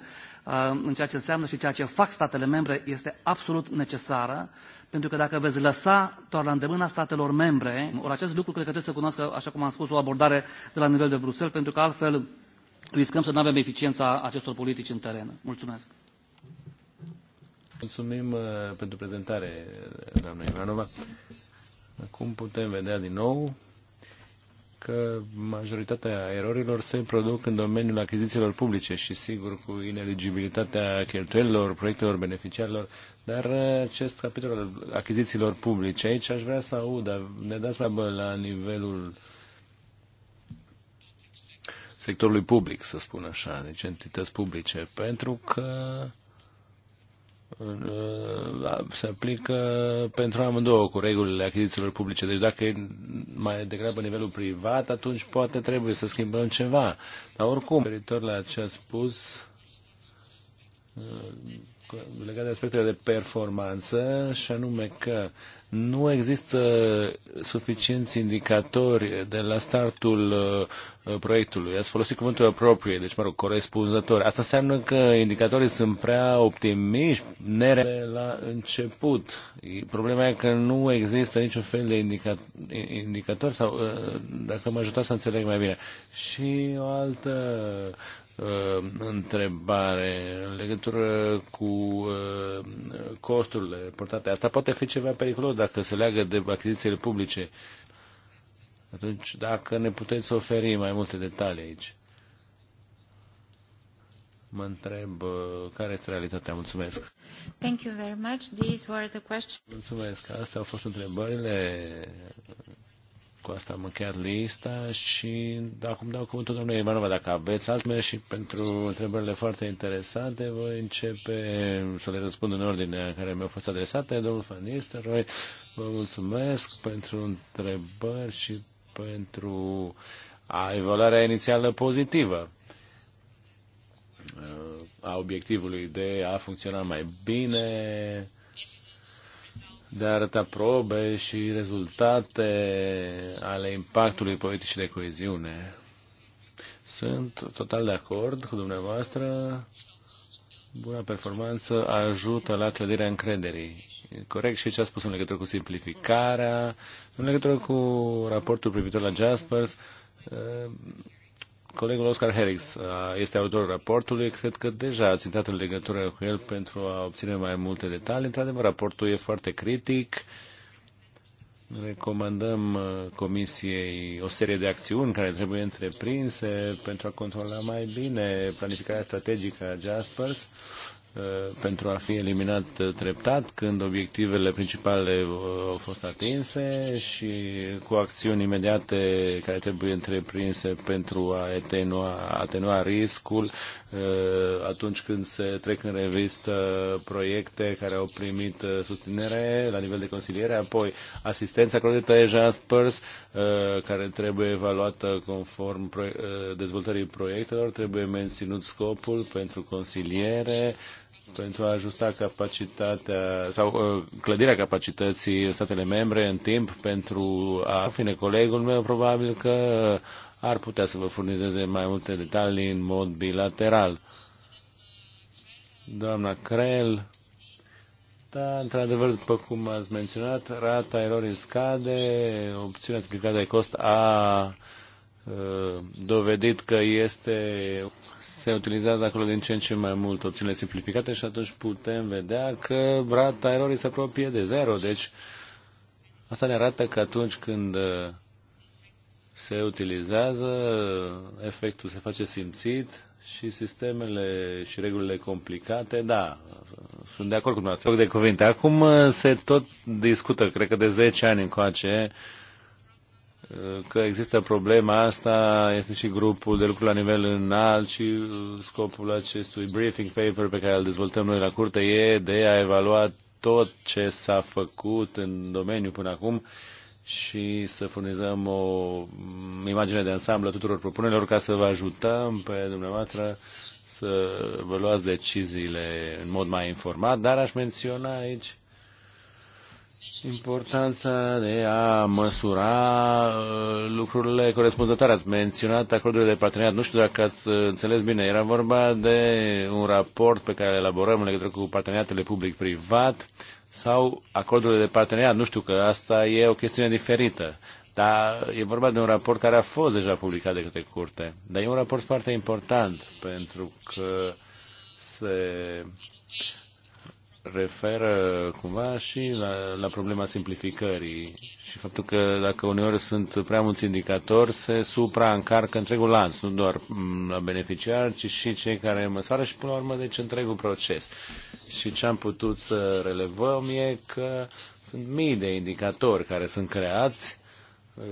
în ceea ce înseamnă și ceea ce fac statele membre este absolut necesară, pentru că dacă veți lăsa doar la îndemâna statelor membre, ori acest lucru cred că trebuie să cunoască, așa cum am spus, o abordare de la nivel de Bruxelles, pentru că altfel riscăm să nu avem eficiența acestor politici în teren. Mulțumesc! Mulțumim pentru prezentare, doamna Ivanova. Acum putem vedea din nou că majoritatea erorilor se produc în domeniul achizițiilor publice și sigur cu ineligibilitatea cheltuielilor, proiectelor, beneficiarilor, dar acest capitol al achizițiilor publice, aici aș vrea să aud, ne dați mai la nivelul sectorului public, să spun așa, deci entități publice, pentru că Uh, se aplică pentru amândouă cu regulile achizițiilor publice. Deci dacă e mai degrabă nivelul privat, atunci poate trebuie să schimbăm ceva. Dar oricum, referitor la ce a spus, uh, legat de aspectele de performanță, și anume că nu există suficienți indicatori de la startul uh, proiectului. Ați folosit cuvântul appropriate, deci, mă rog, corespunzător. Asta înseamnă că indicatorii sunt prea optimiști, nere la început. Problema e că nu există niciun fel de indica, indicator sau, uh, dacă mă ajutați să înțeleg mai bine. Și o altă uh, întrebare în legătură cu uh, costurile portate. Asta poate fi ceva periculos dacă se leagă de achizițiile publice. Atunci, dacă ne puteți oferi mai multe detalii aici. Mă întreb uh, care este realitatea. Mulțumesc. Thank you very much. These were the questions. Mulțumesc. Astea au fost întrebările cu asta am încheiat lista și acum dau cuvântul domnului Ivanova. Dacă aveți altme și pentru întrebările foarte interesante, voi începe să le răspund în ordine care mi-au fost adresate. Domnul Fanisteroi, vă mulțumesc pentru întrebări și pentru a evaluarea inițială pozitivă a obiectivului de a funcționa mai bine, de a arăta probe și rezultate ale impactului politicii de coeziune. Sunt total de acord cu dumneavoastră. Buna performanță ajută la clădirea încrederii. corect și ce a spus în legătură cu simplificarea, în legătură cu raportul privitor la Jaspers. Colegul Oscar Herrix uh, este autorul raportului. Cred că deja ați intrat în legătură cu el pentru a obține mai multe detalii. Într-adevăr, raportul e foarte critic. Recomandăm uh, Comisiei o serie de acțiuni care trebuie întreprinse pentru a controla mai bine planificarea strategică a Jaspers Uh, pentru a fi eliminat uh, treptat când obiectivele principale uh, au fost atinse și cu acțiuni imediate care trebuie întreprinse pentru a atenua, atenua riscul atunci când se trec în revistă proiecte care au primit susținere la nivel de consiliere, apoi asistența acordată deja Jaspers, care trebuie evaluată conform dezvoltării proiectelor, trebuie menținut scopul pentru consiliere, pentru a ajusta capacitatea sau uh, clădirea capacității statele membre în timp pentru a fine colegul meu, probabil că ar putea să vă furnizeze mai multe detalii în mod bilateral. Doamna Crel, da, într-adevăr, după cum ați menționat, rata erorii scade, opțiunea triplicată de cost a uh, dovedit că este se utilizează acolo din ce în ce mai mult opțiunile simplificate și atunci putem vedea că rata erorii se apropie de zero. Deci asta ne arată că atunci când uh, se utilizează, efectul se face simțit și sistemele și regulile complicate, da, sunt de acord cu dumneavoastră. De cuvinte. Acum uh, se tot discută, cred că de 10 ani încoace, că există problema asta, este și grupul de lucru la nivel înalt și uh, scopul acestui briefing paper pe care îl dezvoltăm noi la curte e de a evalua tot ce s-a făcut în domeniu până acum și să furnizăm o mm, imagine de ansamblu a tuturor propunerilor ca să vă ajutăm pe dumneavoastră să vă luați deciziile în mod mai informat, dar aș menționa aici Importanța de a măsura uh, lucrurile corespunzătoare. Ați menționat acordurile de parteneriat. Nu știu dacă ați uh, înțeles bine. Era vorba de un raport pe care îl elaborăm în legătură cu parteneriatele public-privat sau acordurile de parteneriat. Nu știu că asta e o chestiune diferită. Dar e vorba de un raport care a fost deja publicat de către curte. Dar e un raport foarte important pentru că se referă cumva și la, la problema simplificării și faptul că dacă uneori sunt prea mulți indicatori, se supraîncarcă întregul lanț, nu doar mm, la beneficiar, ci și cei care măsoară și până la urmă deci întregul proces. Și ce am putut să relevăm e că sunt mii de indicatori care sunt creați uh,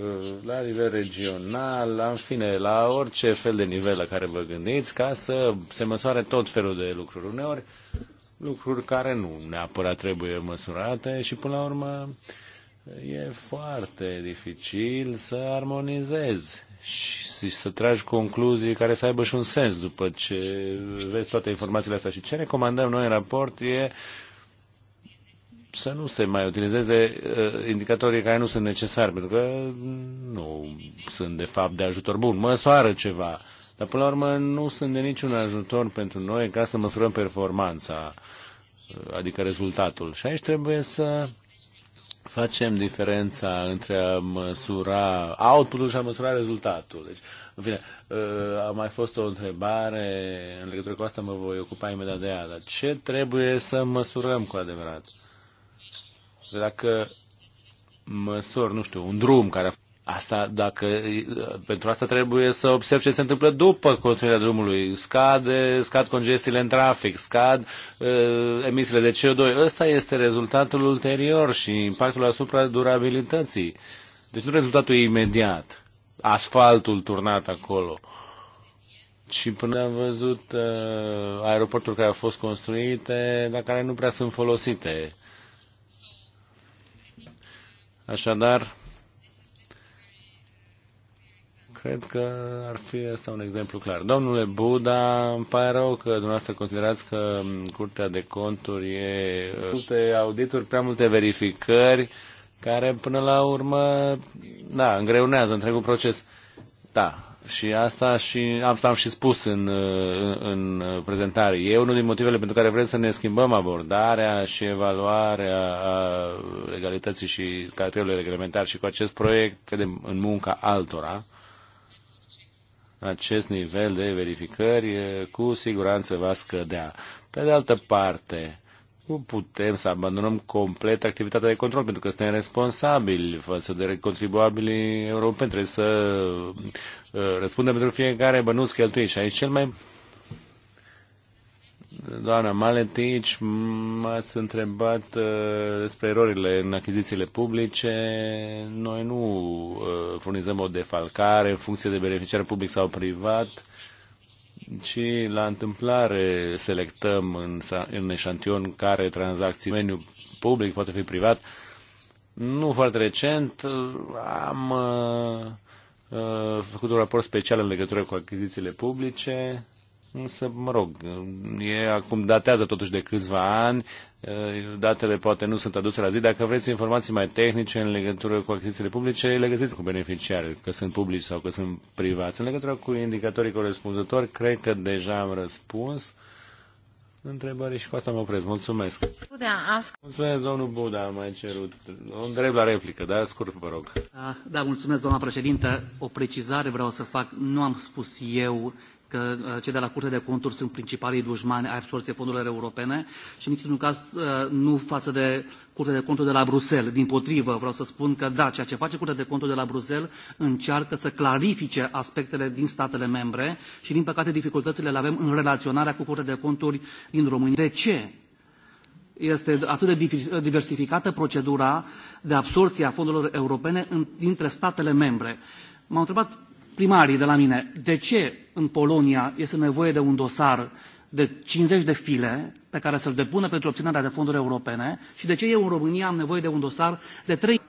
la nivel regional, la, în fine, la orice fel de nivel la care vă gândiți, ca să se măsoare tot felul de lucruri. Uneori lucruri care nu neapărat trebuie măsurate și până la urmă e foarte dificil să armonizezi și să tragi concluzii care să aibă și un sens după ce vezi toate informațiile astea. Și ce recomandăm noi în raport e să nu se mai utilizeze uh, indicatorii care nu sunt necesari, pentru că nu sunt de fapt de ajutor bun. Măsoară ceva, dar până la urmă nu sunt de niciun ajutor pentru noi ca să măsurăm performanța, adică rezultatul. Și aici trebuie să facem diferența între a măsura output-ul și a măsura rezultatul. Deci, în fine, a mai fost o întrebare, în legătură cu asta mă voi ocupa imediat de ea, dar ce trebuie să măsurăm cu adevărat? Dacă măsor, nu știu, un drum care a Asta, dacă, pentru asta trebuie să observ ce se întâmplă după construirea drumului. Scade, scad congestiile în trafic, scad uh, emisiile de CO2. Ăsta este rezultatul ulterior și impactul asupra durabilității. Deci nu rezultatul imediat, asfaltul turnat acolo. Și până am văzut uh, aeroporturi care au fost construite, dar care nu prea sunt folosite. Așadar, Cred că ar fi asta un exemplu clar. Domnule Buda, îmi pare rău că dumneavoastră considerați că Curtea de Conturi e uh, multe audituri, prea multe verificări, care până la urmă, da, îngreunează întregul proces. Da, și asta și am, am și spus în, în, uh, în prezentare. E unul din motivele pentru care vrem să ne schimbăm abordarea și evaluarea a uh, legalității și cartierului reglementar și cu acest proiect credem în munca altora acest nivel de verificări cu siguranță va scădea. Pe de altă parte, nu putem să abandonăm complet activitatea de control, pentru că suntem responsabili față de contribuabilii europeni. Trebuie să uh, răspundem pentru fiecare bănuț cheltuit și aici cel mai Doamna Maletic, m-ați întrebat uh, despre erorile în achizițiile publice. Noi nu uh, furnizăm o defalcare în funcție de beneficiar public sau privat, ci la întâmplare selectăm în, în eșantion care tranzacții în public poate fi privat. Nu foarte recent uh, am uh, uh, făcut un raport special în legătură cu achizițiile publice Însă, mă rog, e acum datează totuși de câțiva ani, datele poate nu sunt aduse la zi. Dacă vreți informații mai tehnice în legătură cu achizițiile publice, le găsiți cu beneficiare, că sunt publici sau că sunt privați. În legătură cu indicatorii corespunzători, cred că deja am răspuns întrebări și cu asta mă opresc. Mulțumesc. Buda, Mulțumesc, domnul Buda, am mai cerut. O întreb la replică, da? scurt, vă rog. Da, da mulțumesc, doamna președintă. O precizare vreau să fac. Nu am spus eu că uh, cei de la Curtea de Conturi sunt principalii dușmani ai absorției fondurilor europene și nici niciun caz uh, nu față de Curtea de Conturi de la Bruxelles. Din potrivă, vreau să spun că da, ceea ce face Curtea de Conturi de la Bruxelles încearcă să clarifice aspectele din statele membre și, din păcate, dificultățile le avem în relaționarea cu Curtea de Conturi din România. De ce? este atât de diversificată procedura de absorție a fondurilor europene dintre statele membre. M-am întrebat primarii de la mine, de ce în Polonia este nevoie de un dosar de 50 de file pe care să-l depună pentru obținerea de fonduri europene și de ce eu în România am nevoie de un dosar de 3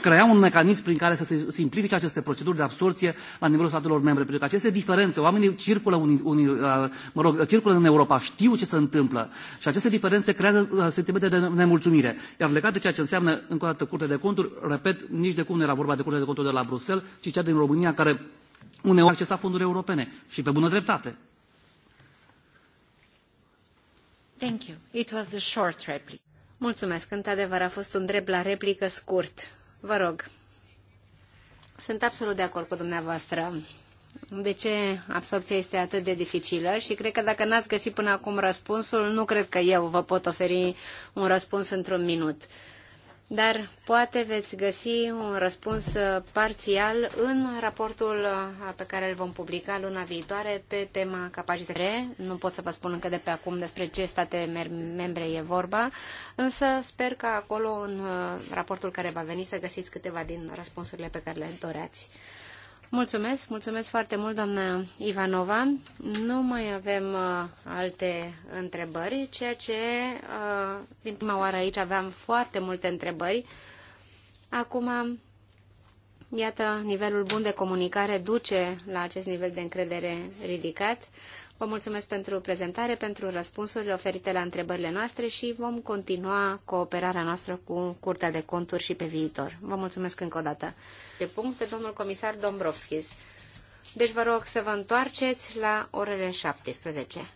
crea un mecanism prin care să se simplifice aceste proceduri de absorție la nivelul statelor membre. Pentru că aceste diferențe, oamenii circulă, unii, unii, uh, mă rog, circulă în Europa, știu ce se întâmplă și aceste diferențe creează uh, sentimente de nemulțumire. Iar legat de ceea ce înseamnă, încă o dată, Curtea de Conturi, repet, nici de cum nu era vorba de Curtea de Conturi de la Bruxelles, ci cea din România, care uneori accesa fonduri europene și pe bună dreptate. Thank you. It was the short replic. Mulțumesc. Într-adevăr, a fost un drept la replică scurt. Vă rog. Sunt absolut de acord cu dumneavoastră. De ce absorpția este atât de dificilă și cred că dacă n-ați găsit până acum răspunsul, nu cred că eu vă pot oferi un răspuns într-un minut. Uh, dar poate veți găsi un răspuns uh, parțial în raportul uh, pe care îl vom publica luna viitoare pe tema capacitare. Nu pot să vă spun încă de pe acum despre ce state membre e vorba, însă sper că acolo în uh, raportul care va veni să găsiți câteva din răspunsurile pe care le doreați. Mulțumesc, mulțumesc foarte mult, doamna Ivanova. Nu mai avem uh, alte întrebări, ceea ce uh, din prima oară aici aveam foarte multe întrebări. Acum, iată, nivelul bun de comunicare duce la acest nivel de încredere ridicat. Vă mulțumesc pentru prezentare, pentru răspunsurile oferite la întrebările noastre și vom continua cooperarea noastră cu Curtea de Conturi și pe viitor. Vă mulțumesc încă o dată. Pe punct pe domnul comisar Dombrovskis. Deci vă rog să vă întoarceți la orele 17.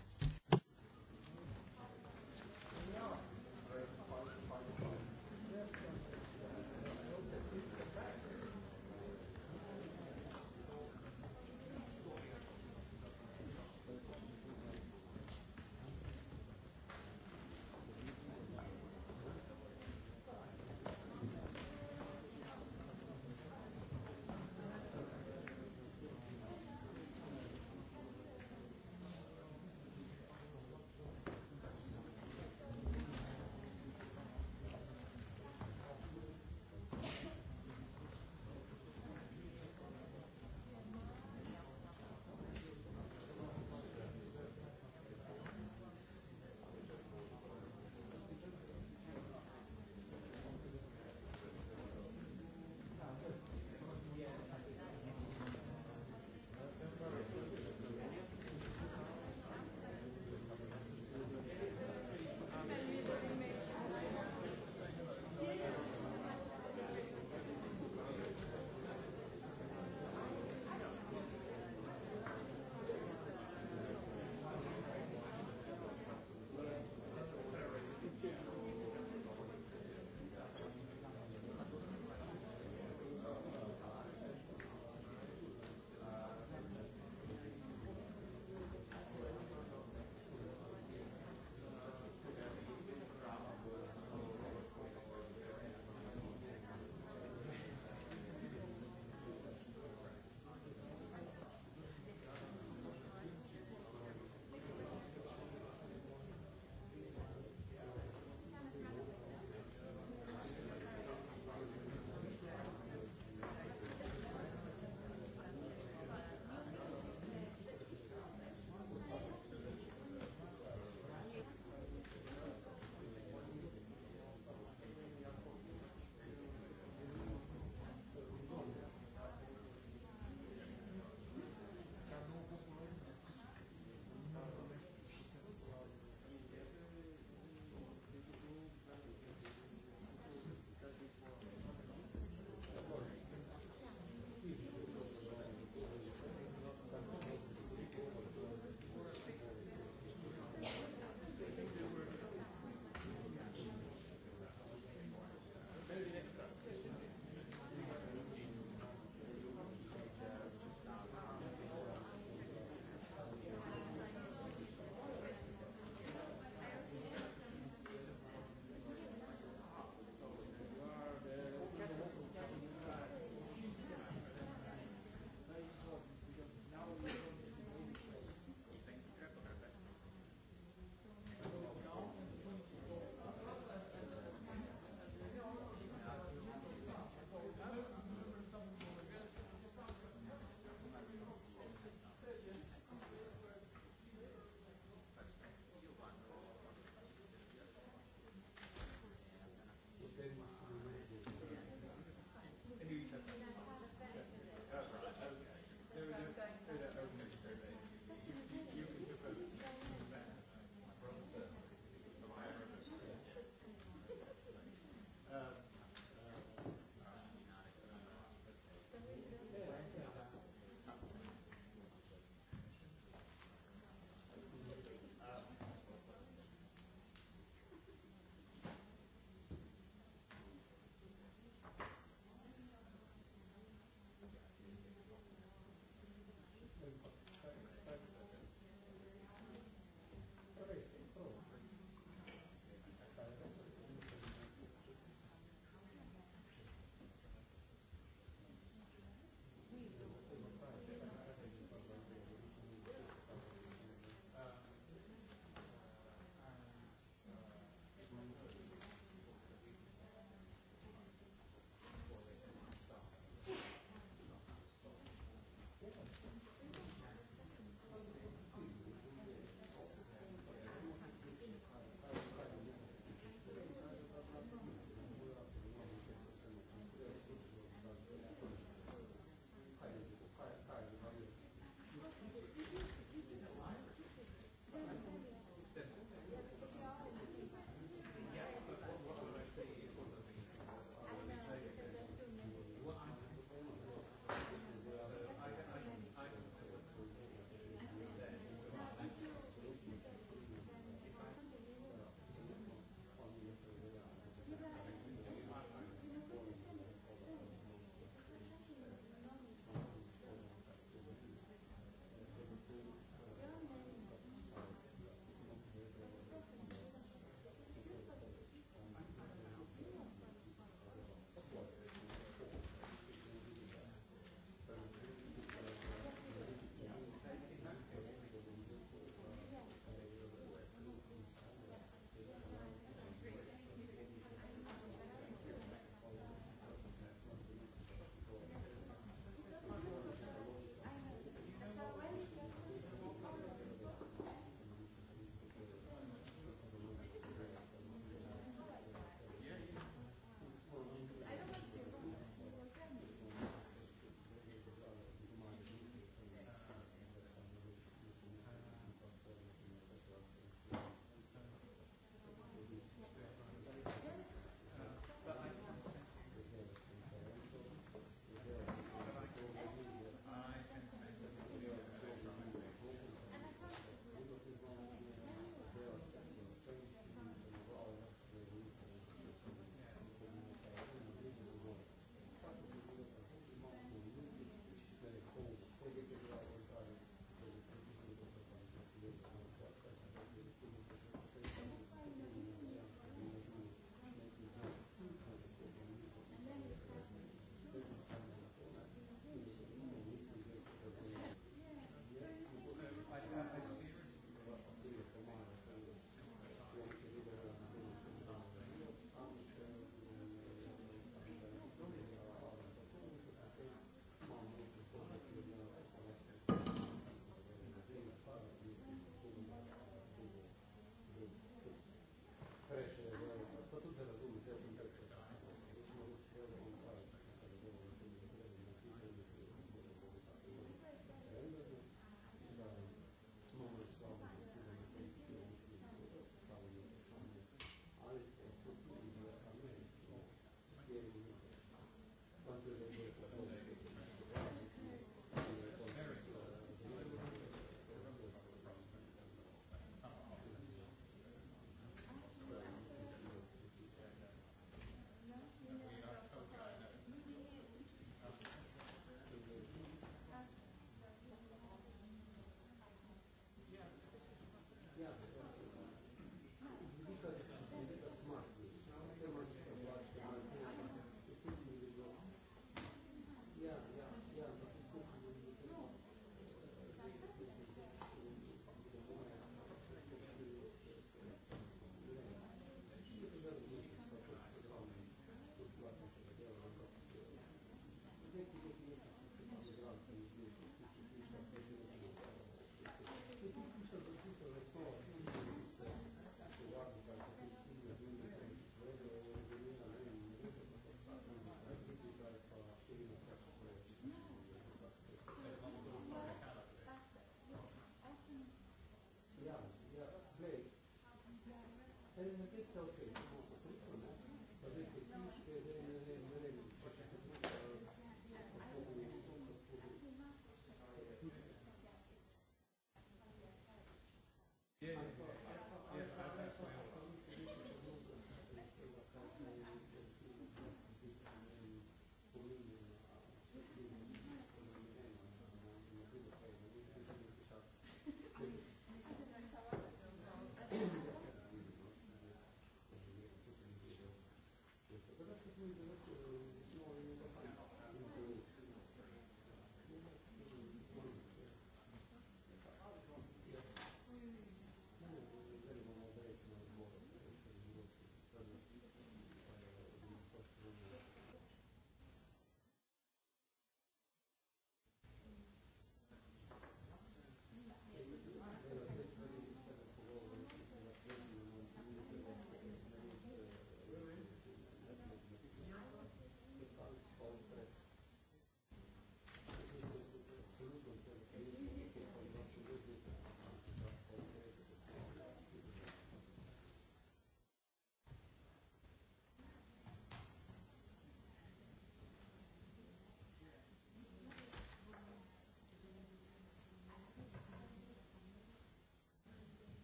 okay.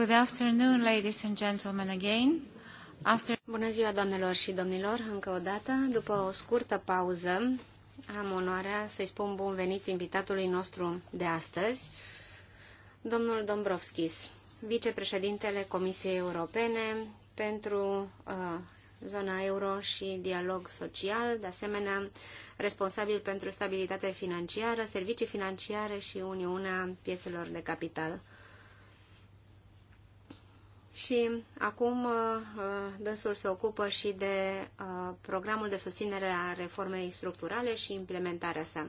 Good afternoon, ladies and gentlemen, again. After... Bună ziua, doamnelor și domnilor, încă o dată. După o scurtă pauză, am onoarea să-i spun bun venit invitatului nostru de astăzi, domnul Dombrovskis, vicepreședintele Comisiei Europene pentru uh, zona euro și dialog social, de asemenea responsabil pentru stabilitate financiară, servicii financiare și Uniunea Piețelor de Capital. Și acum uh, uh, dânsul se ocupă și de uh, programul de susținere a reformei structurale și implementarea sa.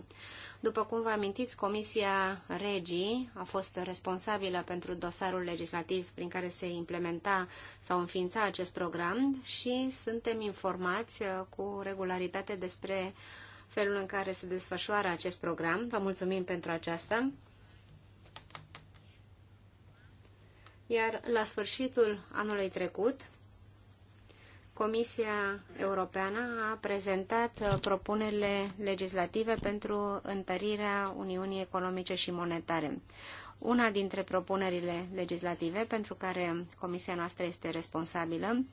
După cum vă amintiți, Comisia Regii a fost responsabilă pentru dosarul legislativ prin care se implementa sau înființa acest program și suntem informați cu regularitate despre felul în care se desfășoară acest program. Vă mulțumim pentru aceasta. Iar la sfârșitul anului trecut, Comisia Europeană a prezentat uh, propunerile legislative pentru întărirea Uniunii Economice și Monetare. Una dintre propunerile legislative pentru care Comisia noastră este responsabilă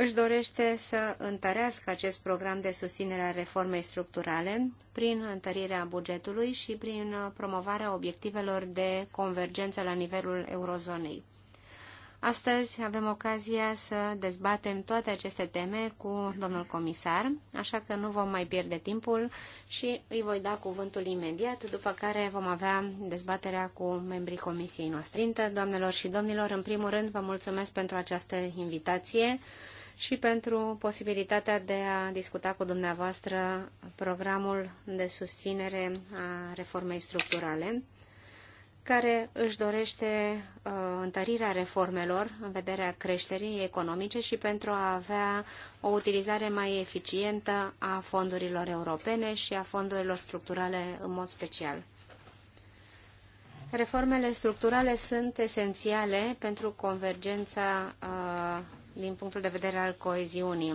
își dorește să întărească acest program de susținere a reformei structurale prin întărirea bugetului și prin promovarea obiectivelor de convergență la nivelul eurozonei. Astăzi avem ocazia să dezbatem toate aceste teme cu domnul comisar, așa că nu vom mai pierde timpul și îi voi da cuvântul imediat, după care vom avea dezbaterea cu membrii comisiei noastre. Doamnelor și domnilor, în primul rând vă mulțumesc pentru această invitație și pentru posibilitatea de a discuta cu dumneavoastră programul de susținere a reformei structurale, care își dorește uh, întărirea reformelor în vederea creșterii economice și pentru a avea o utilizare mai eficientă a fondurilor europene și a fondurilor structurale în mod special. Reformele structurale sunt esențiale pentru convergența uh, din punctul de vedere al coeziunii.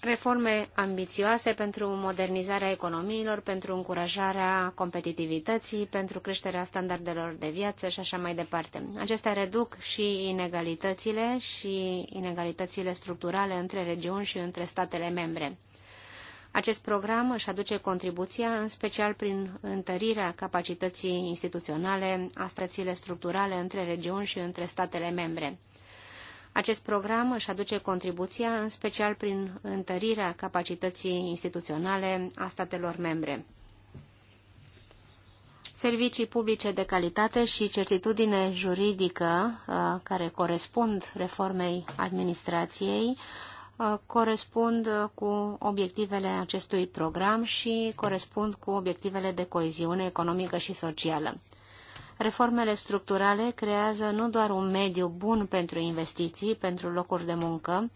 Reforme ambițioase pentru modernizarea economiilor, pentru încurajarea competitivității, pentru creșterea standardelor de viață și așa mai departe. Acestea reduc și inegalitățile și inegalitățile structurale între regiuni și între statele membre. Acest program își aduce contribuția în special prin întărirea capacității instituționale a stățile structurale între regiuni și între statele membre. Acest program își aduce contribuția în special prin întărirea capacității instituționale a statelor membre. Servicii publice de calitate și certitudine juridică uh, care corespund reformei administrației uh, corespund cu obiectivele acestui program și corespund cu obiectivele de coeziune economică și socială. Reformele structurale creează nu doar un mediu bun pentru investiții, pentru locuri de muncă,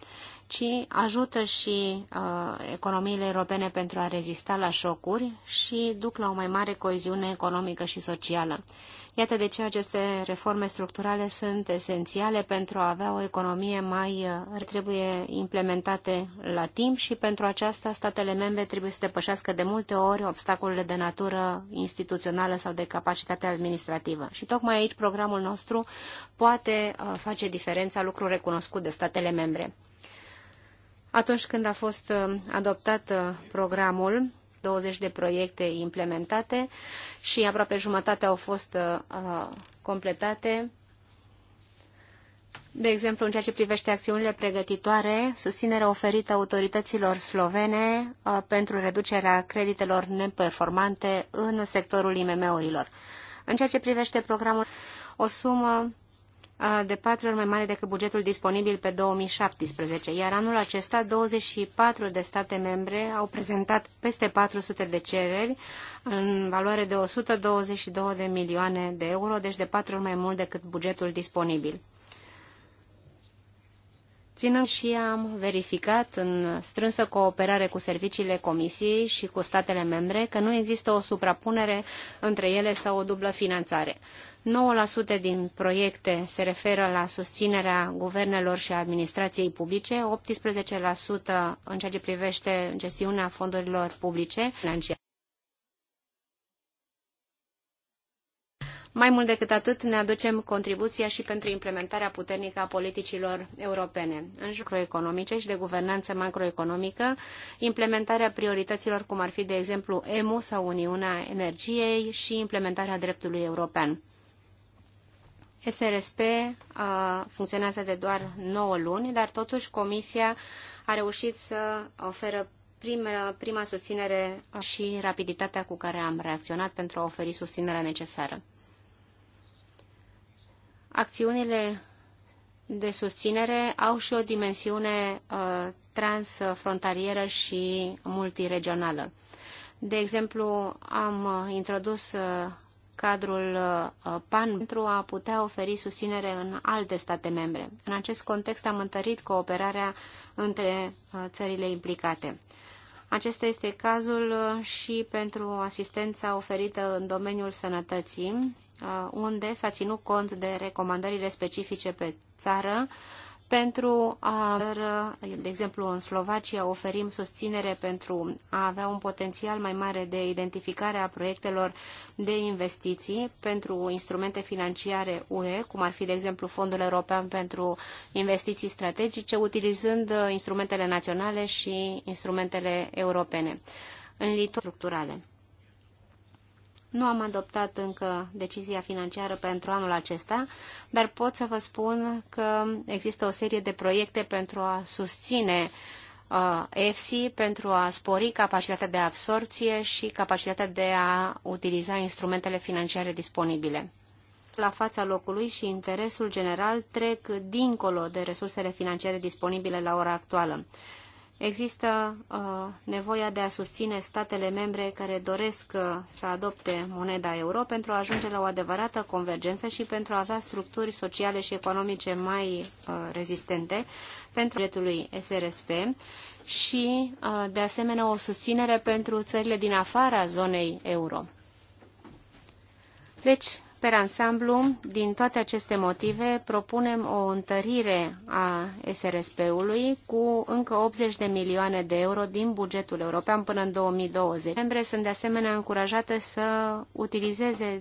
ci ajută și uh, economiile europene pentru a rezista la șocuri și duc la o mai mare coeziune economică și socială. Iată de ce aceste reforme structurale sunt esențiale pentru a avea o economie mai uh, trebuie implementate la timp și pentru aceasta statele membre trebuie să depășească de multe ori obstacolele de natură instituțională sau de capacitate administrativă. Și tocmai aici programul nostru poate uh, face diferența, lucru recunoscut de statele membre. Atunci când a fost uh, adoptat programul, 20 de proiecte implementate și aproape jumătate au fost uh, completate. De exemplu, în ceea ce privește acțiunile pregătitoare, susținerea oferită autorităților slovene uh, pentru reducerea creditelor neperformante în sectorul IMM-urilor. În ceea ce privește programul, o sumă de patru ori mai mare decât bugetul disponibil pe 2017, iar anul acesta 24 de state membre au prezentat peste 400 de cereri în valoare de 122 de milioane de euro, deci de patru ori mai mult decât bugetul disponibil. Ținând și am verificat în strânsă cooperare cu serviciile Comisiei și cu statele membre că nu există o suprapunere între ele sau o dublă finanțare. 9% din proiecte se referă la susținerea guvernelor și a administrației publice, 18% în ceea ce privește gestiunea fondurilor publice financiare. Mai mult decât atât, ne aducem contribuția și pentru implementarea puternică a politicilor europene, în jucuri economice și de guvernanță macroeconomică, implementarea priorităților cum ar fi, de exemplu, EMU sau Uniunea Energiei și implementarea dreptului european. SRSP funcționează de doar 9 luni, dar totuși Comisia a reușit să oferă prima, prima susținere și rapiditatea cu care am reacționat pentru a oferi susținerea necesară. Acțiunile de susținere au și o dimensiune uh, transfrontalieră și multiregională. De exemplu, am introdus cadrul uh, PAN pentru a putea oferi susținere în alte state membre. În acest context am întărit cooperarea între uh, țările implicate. Acesta este cazul uh, și pentru asistența oferită în domeniul sănătății, unde s-a ținut cont de recomandările specifice pe țară pentru a, de exemplu, în Slovacia oferim susținere pentru a avea un potențial mai mare de identificare a proiectelor de investiții pentru instrumente financiare UE, cum ar fi, de exemplu, Fondul European pentru Investiții Strategice, utilizând instrumentele naționale și instrumentele europene în structurale. Nu am adoptat încă decizia financiară pentru anul acesta, dar pot să vă spun că există o serie de proiecte pentru a susține EFSI uh, pentru a spori capacitatea de absorție și capacitatea de a utiliza instrumentele financiare disponibile. La fața locului și interesul general trec dincolo de resursele financiare disponibile la ora actuală. Există uh, nevoia de a susține statele membre care doresc uh, să adopte moneda euro pentru a ajunge la o adevărată convergență și pentru a avea structuri sociale și economice mai uh, rezistente pentru bugetului SRSP și, uh, de asemenea, o susținere pentru țările din afara zonei euro. Deci, Per ansamblu, din toate aceste motive, propunem o întărire a SRSP-ului cu încă 80 de milioane de euro din bugetul european până în 2020. Membre sunt de asemenea încurajate să utilizeze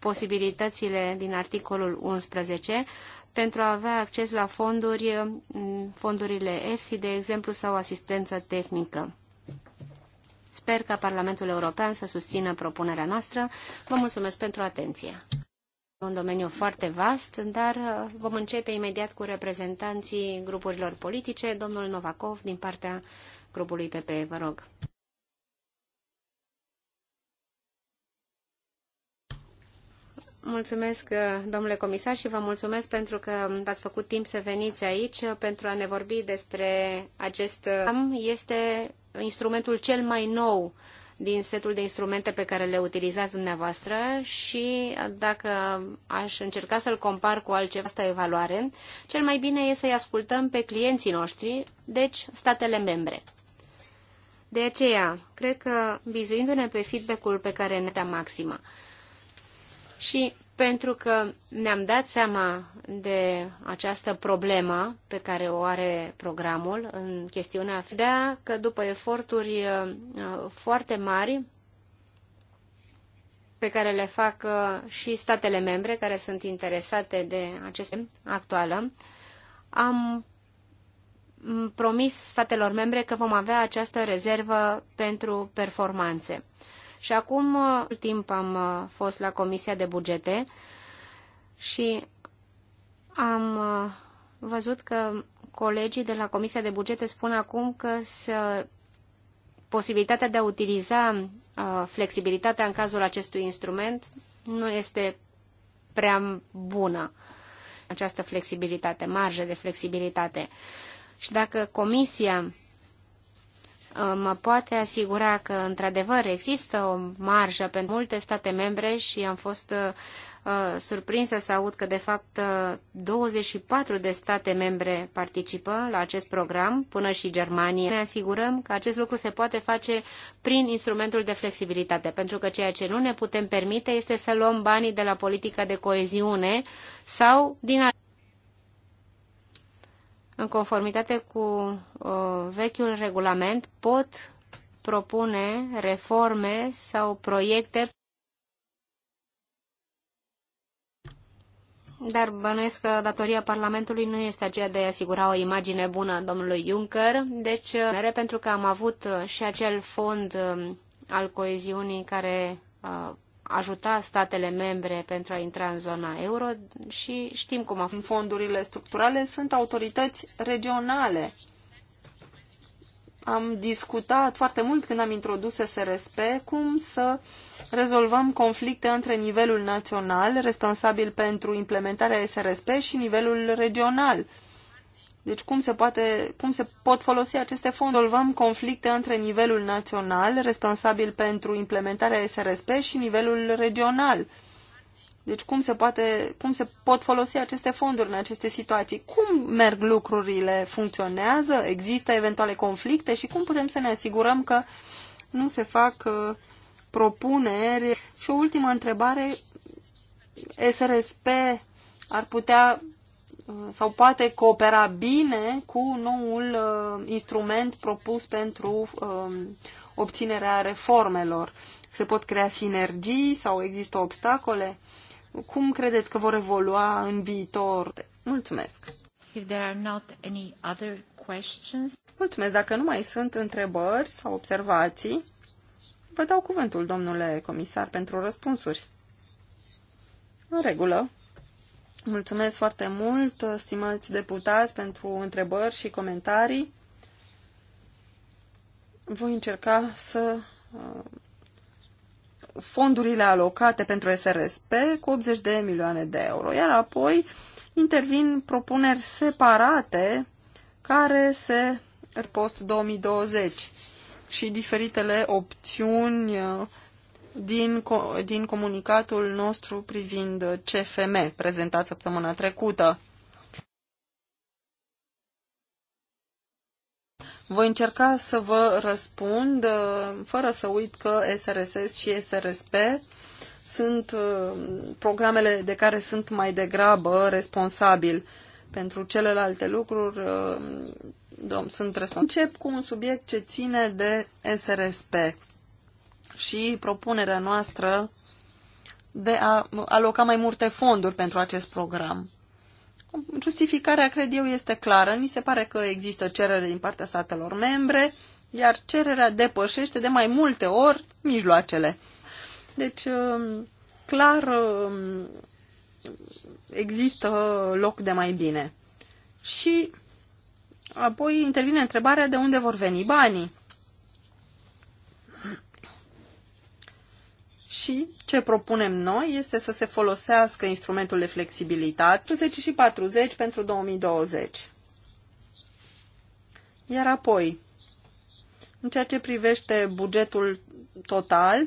posibilitățile din articolul 11 pentru a avea acces la fonduri, fondurile EFSI, de exemplu, sau asistență tehnică. Sper ca Parlamentul European să susțină propunerea noastră. Vă mulțumesc pentru atenție. Un domeniu foarte vast, dar uh, vom începe imediat cu reprezentanții grupurilor politice. Domnul Novakov, din partea grupului PPE. vă rog. Mulțumesc, uh, domnule comisar, și vă mulțumesc pentru că ați făcut timp să veniți aici pentru a ne vorbi despre acest... Uh, este instrumentul cel mai nou din setul de instrumente pe care le utilizați dumneavoastră și dacă aș încerca să-l compar cu altceva, asta evaluare, cel mai bine e să-i ascultăm pe clienții noștri, deci statele membre. De aceea, cred că, bizuindu-ne pe feedback-ul pe care ne-am maximă, și pentru că ne-am dat seama de această problemă pe care o are programul în chestiunea FIDEA, că după eforturi uh, foarte mari pe care le fac uh, și statele membre care sunt interesate de acest actuală, am promis statelor membre că vom avea această rezervă pentru performanțe. Și acum uh, timp am uh, fost la Comisia de Bugete și am uh, văzut că colegii de la Comisia de Bugete spun acum că să, posibilitatea de a utiliza flexibilitatea în cazul acestui instrument nu este prea bună această flexibilitate, marjă de flexibilitate. Și dacă Comisia mă poate asigura că, într-adevăr, există o marjă pentru multe state membre și am fost uh, uh, surprinsă să aud că, de fapt, 24 uh, de state membre participă la acest program, până și Germania. Ne asigurăm că acest lucru se poate face prin instrumentul de flexibilitate, pentru că ceea ce nu ne putem permite este să luăm banii de la politica de coeziune sau din în conformitate cu uh, vechiul regulament, pot propune reforme sau proiecte Dar bănuiesc că datoria Parlamentului nu este aceea de a asigura o imagine bună a domnului Juncker, deci uh, mere pentru că am avut uh, și acel fond uh, al coeziunii care ajuta statele membre pentru a intra în zona euro și știm cum fost. Fondurile structurale sunt autorități regionale. Am discutat foarte mult când am introdus SRSP cum să rezolvăm conflicte între nivelul național responsabil pentru implementarea SRSP și nivelul regional deci cum se, poate, cum se pot folosi aceste fonduri? Solvăm conflicte între nivelul național, responsabil pentru implementarea SRSP, și nivelul regional. Deci cum se, poate, cum se pot folosi aceste fonduri în aceste situații? Cum merg lucrurile? Funcționează? Există eventuale conflicte? Și cum putem să ne asigurăm că nu se fac uh, propuneri? Și o ultimă întrebare, SRSP ar putea Uh, sau poate coopera bine cu noul uh, instrument propus pentru um, obținerea reformelor. Se pot crea sinergii sau există obstacole? Cum credeți că vor evolua în viitor? Mulțumesc! If there are not any other questions... Mulțumesc! Dacă nu mai sunt întrebări sau observații, vă dau cuvântul, domnule comisar, pentru răspunsuri. În regulă. Mulțumesc foarte mult, stimați deputați, pentru întrebări și comentarii. Voi încerca să uh, fondurile alocate pentru SRSP cu 80 de milioane de euro, iar apoi intervin propuneri separate care se post 2020 și diferitele opțiuni uh, din, din comunicatul nostru privind CFM, prezentat săptămâna trecută. Voi încerca să vă răspund fără să uit că SRSS și SRSP sunt uh, programele de care sunt mai degrabă responsabil. Pentru celelalte lucruri uh, domn. sunt responsabil. Încep cu un subiect ce ține de SRSP și propunerea noastră de a aloca mai multe fonduri pentru acest program. Justificarea, cred eu, este clară. Ni se pare că există cerere din partea statelor membre, iar cererea depășește de mai multe ori mijloacele. Deci, um, clar, um, există loc de mai bine. Și apoi intervine întrebarea de unde vor veni banii. și ce propunem noi este să se folosească instrumentul de flexibilitate 30 și 40 pentru 2020. Iar apoi, în ceea ce privește bugetul total,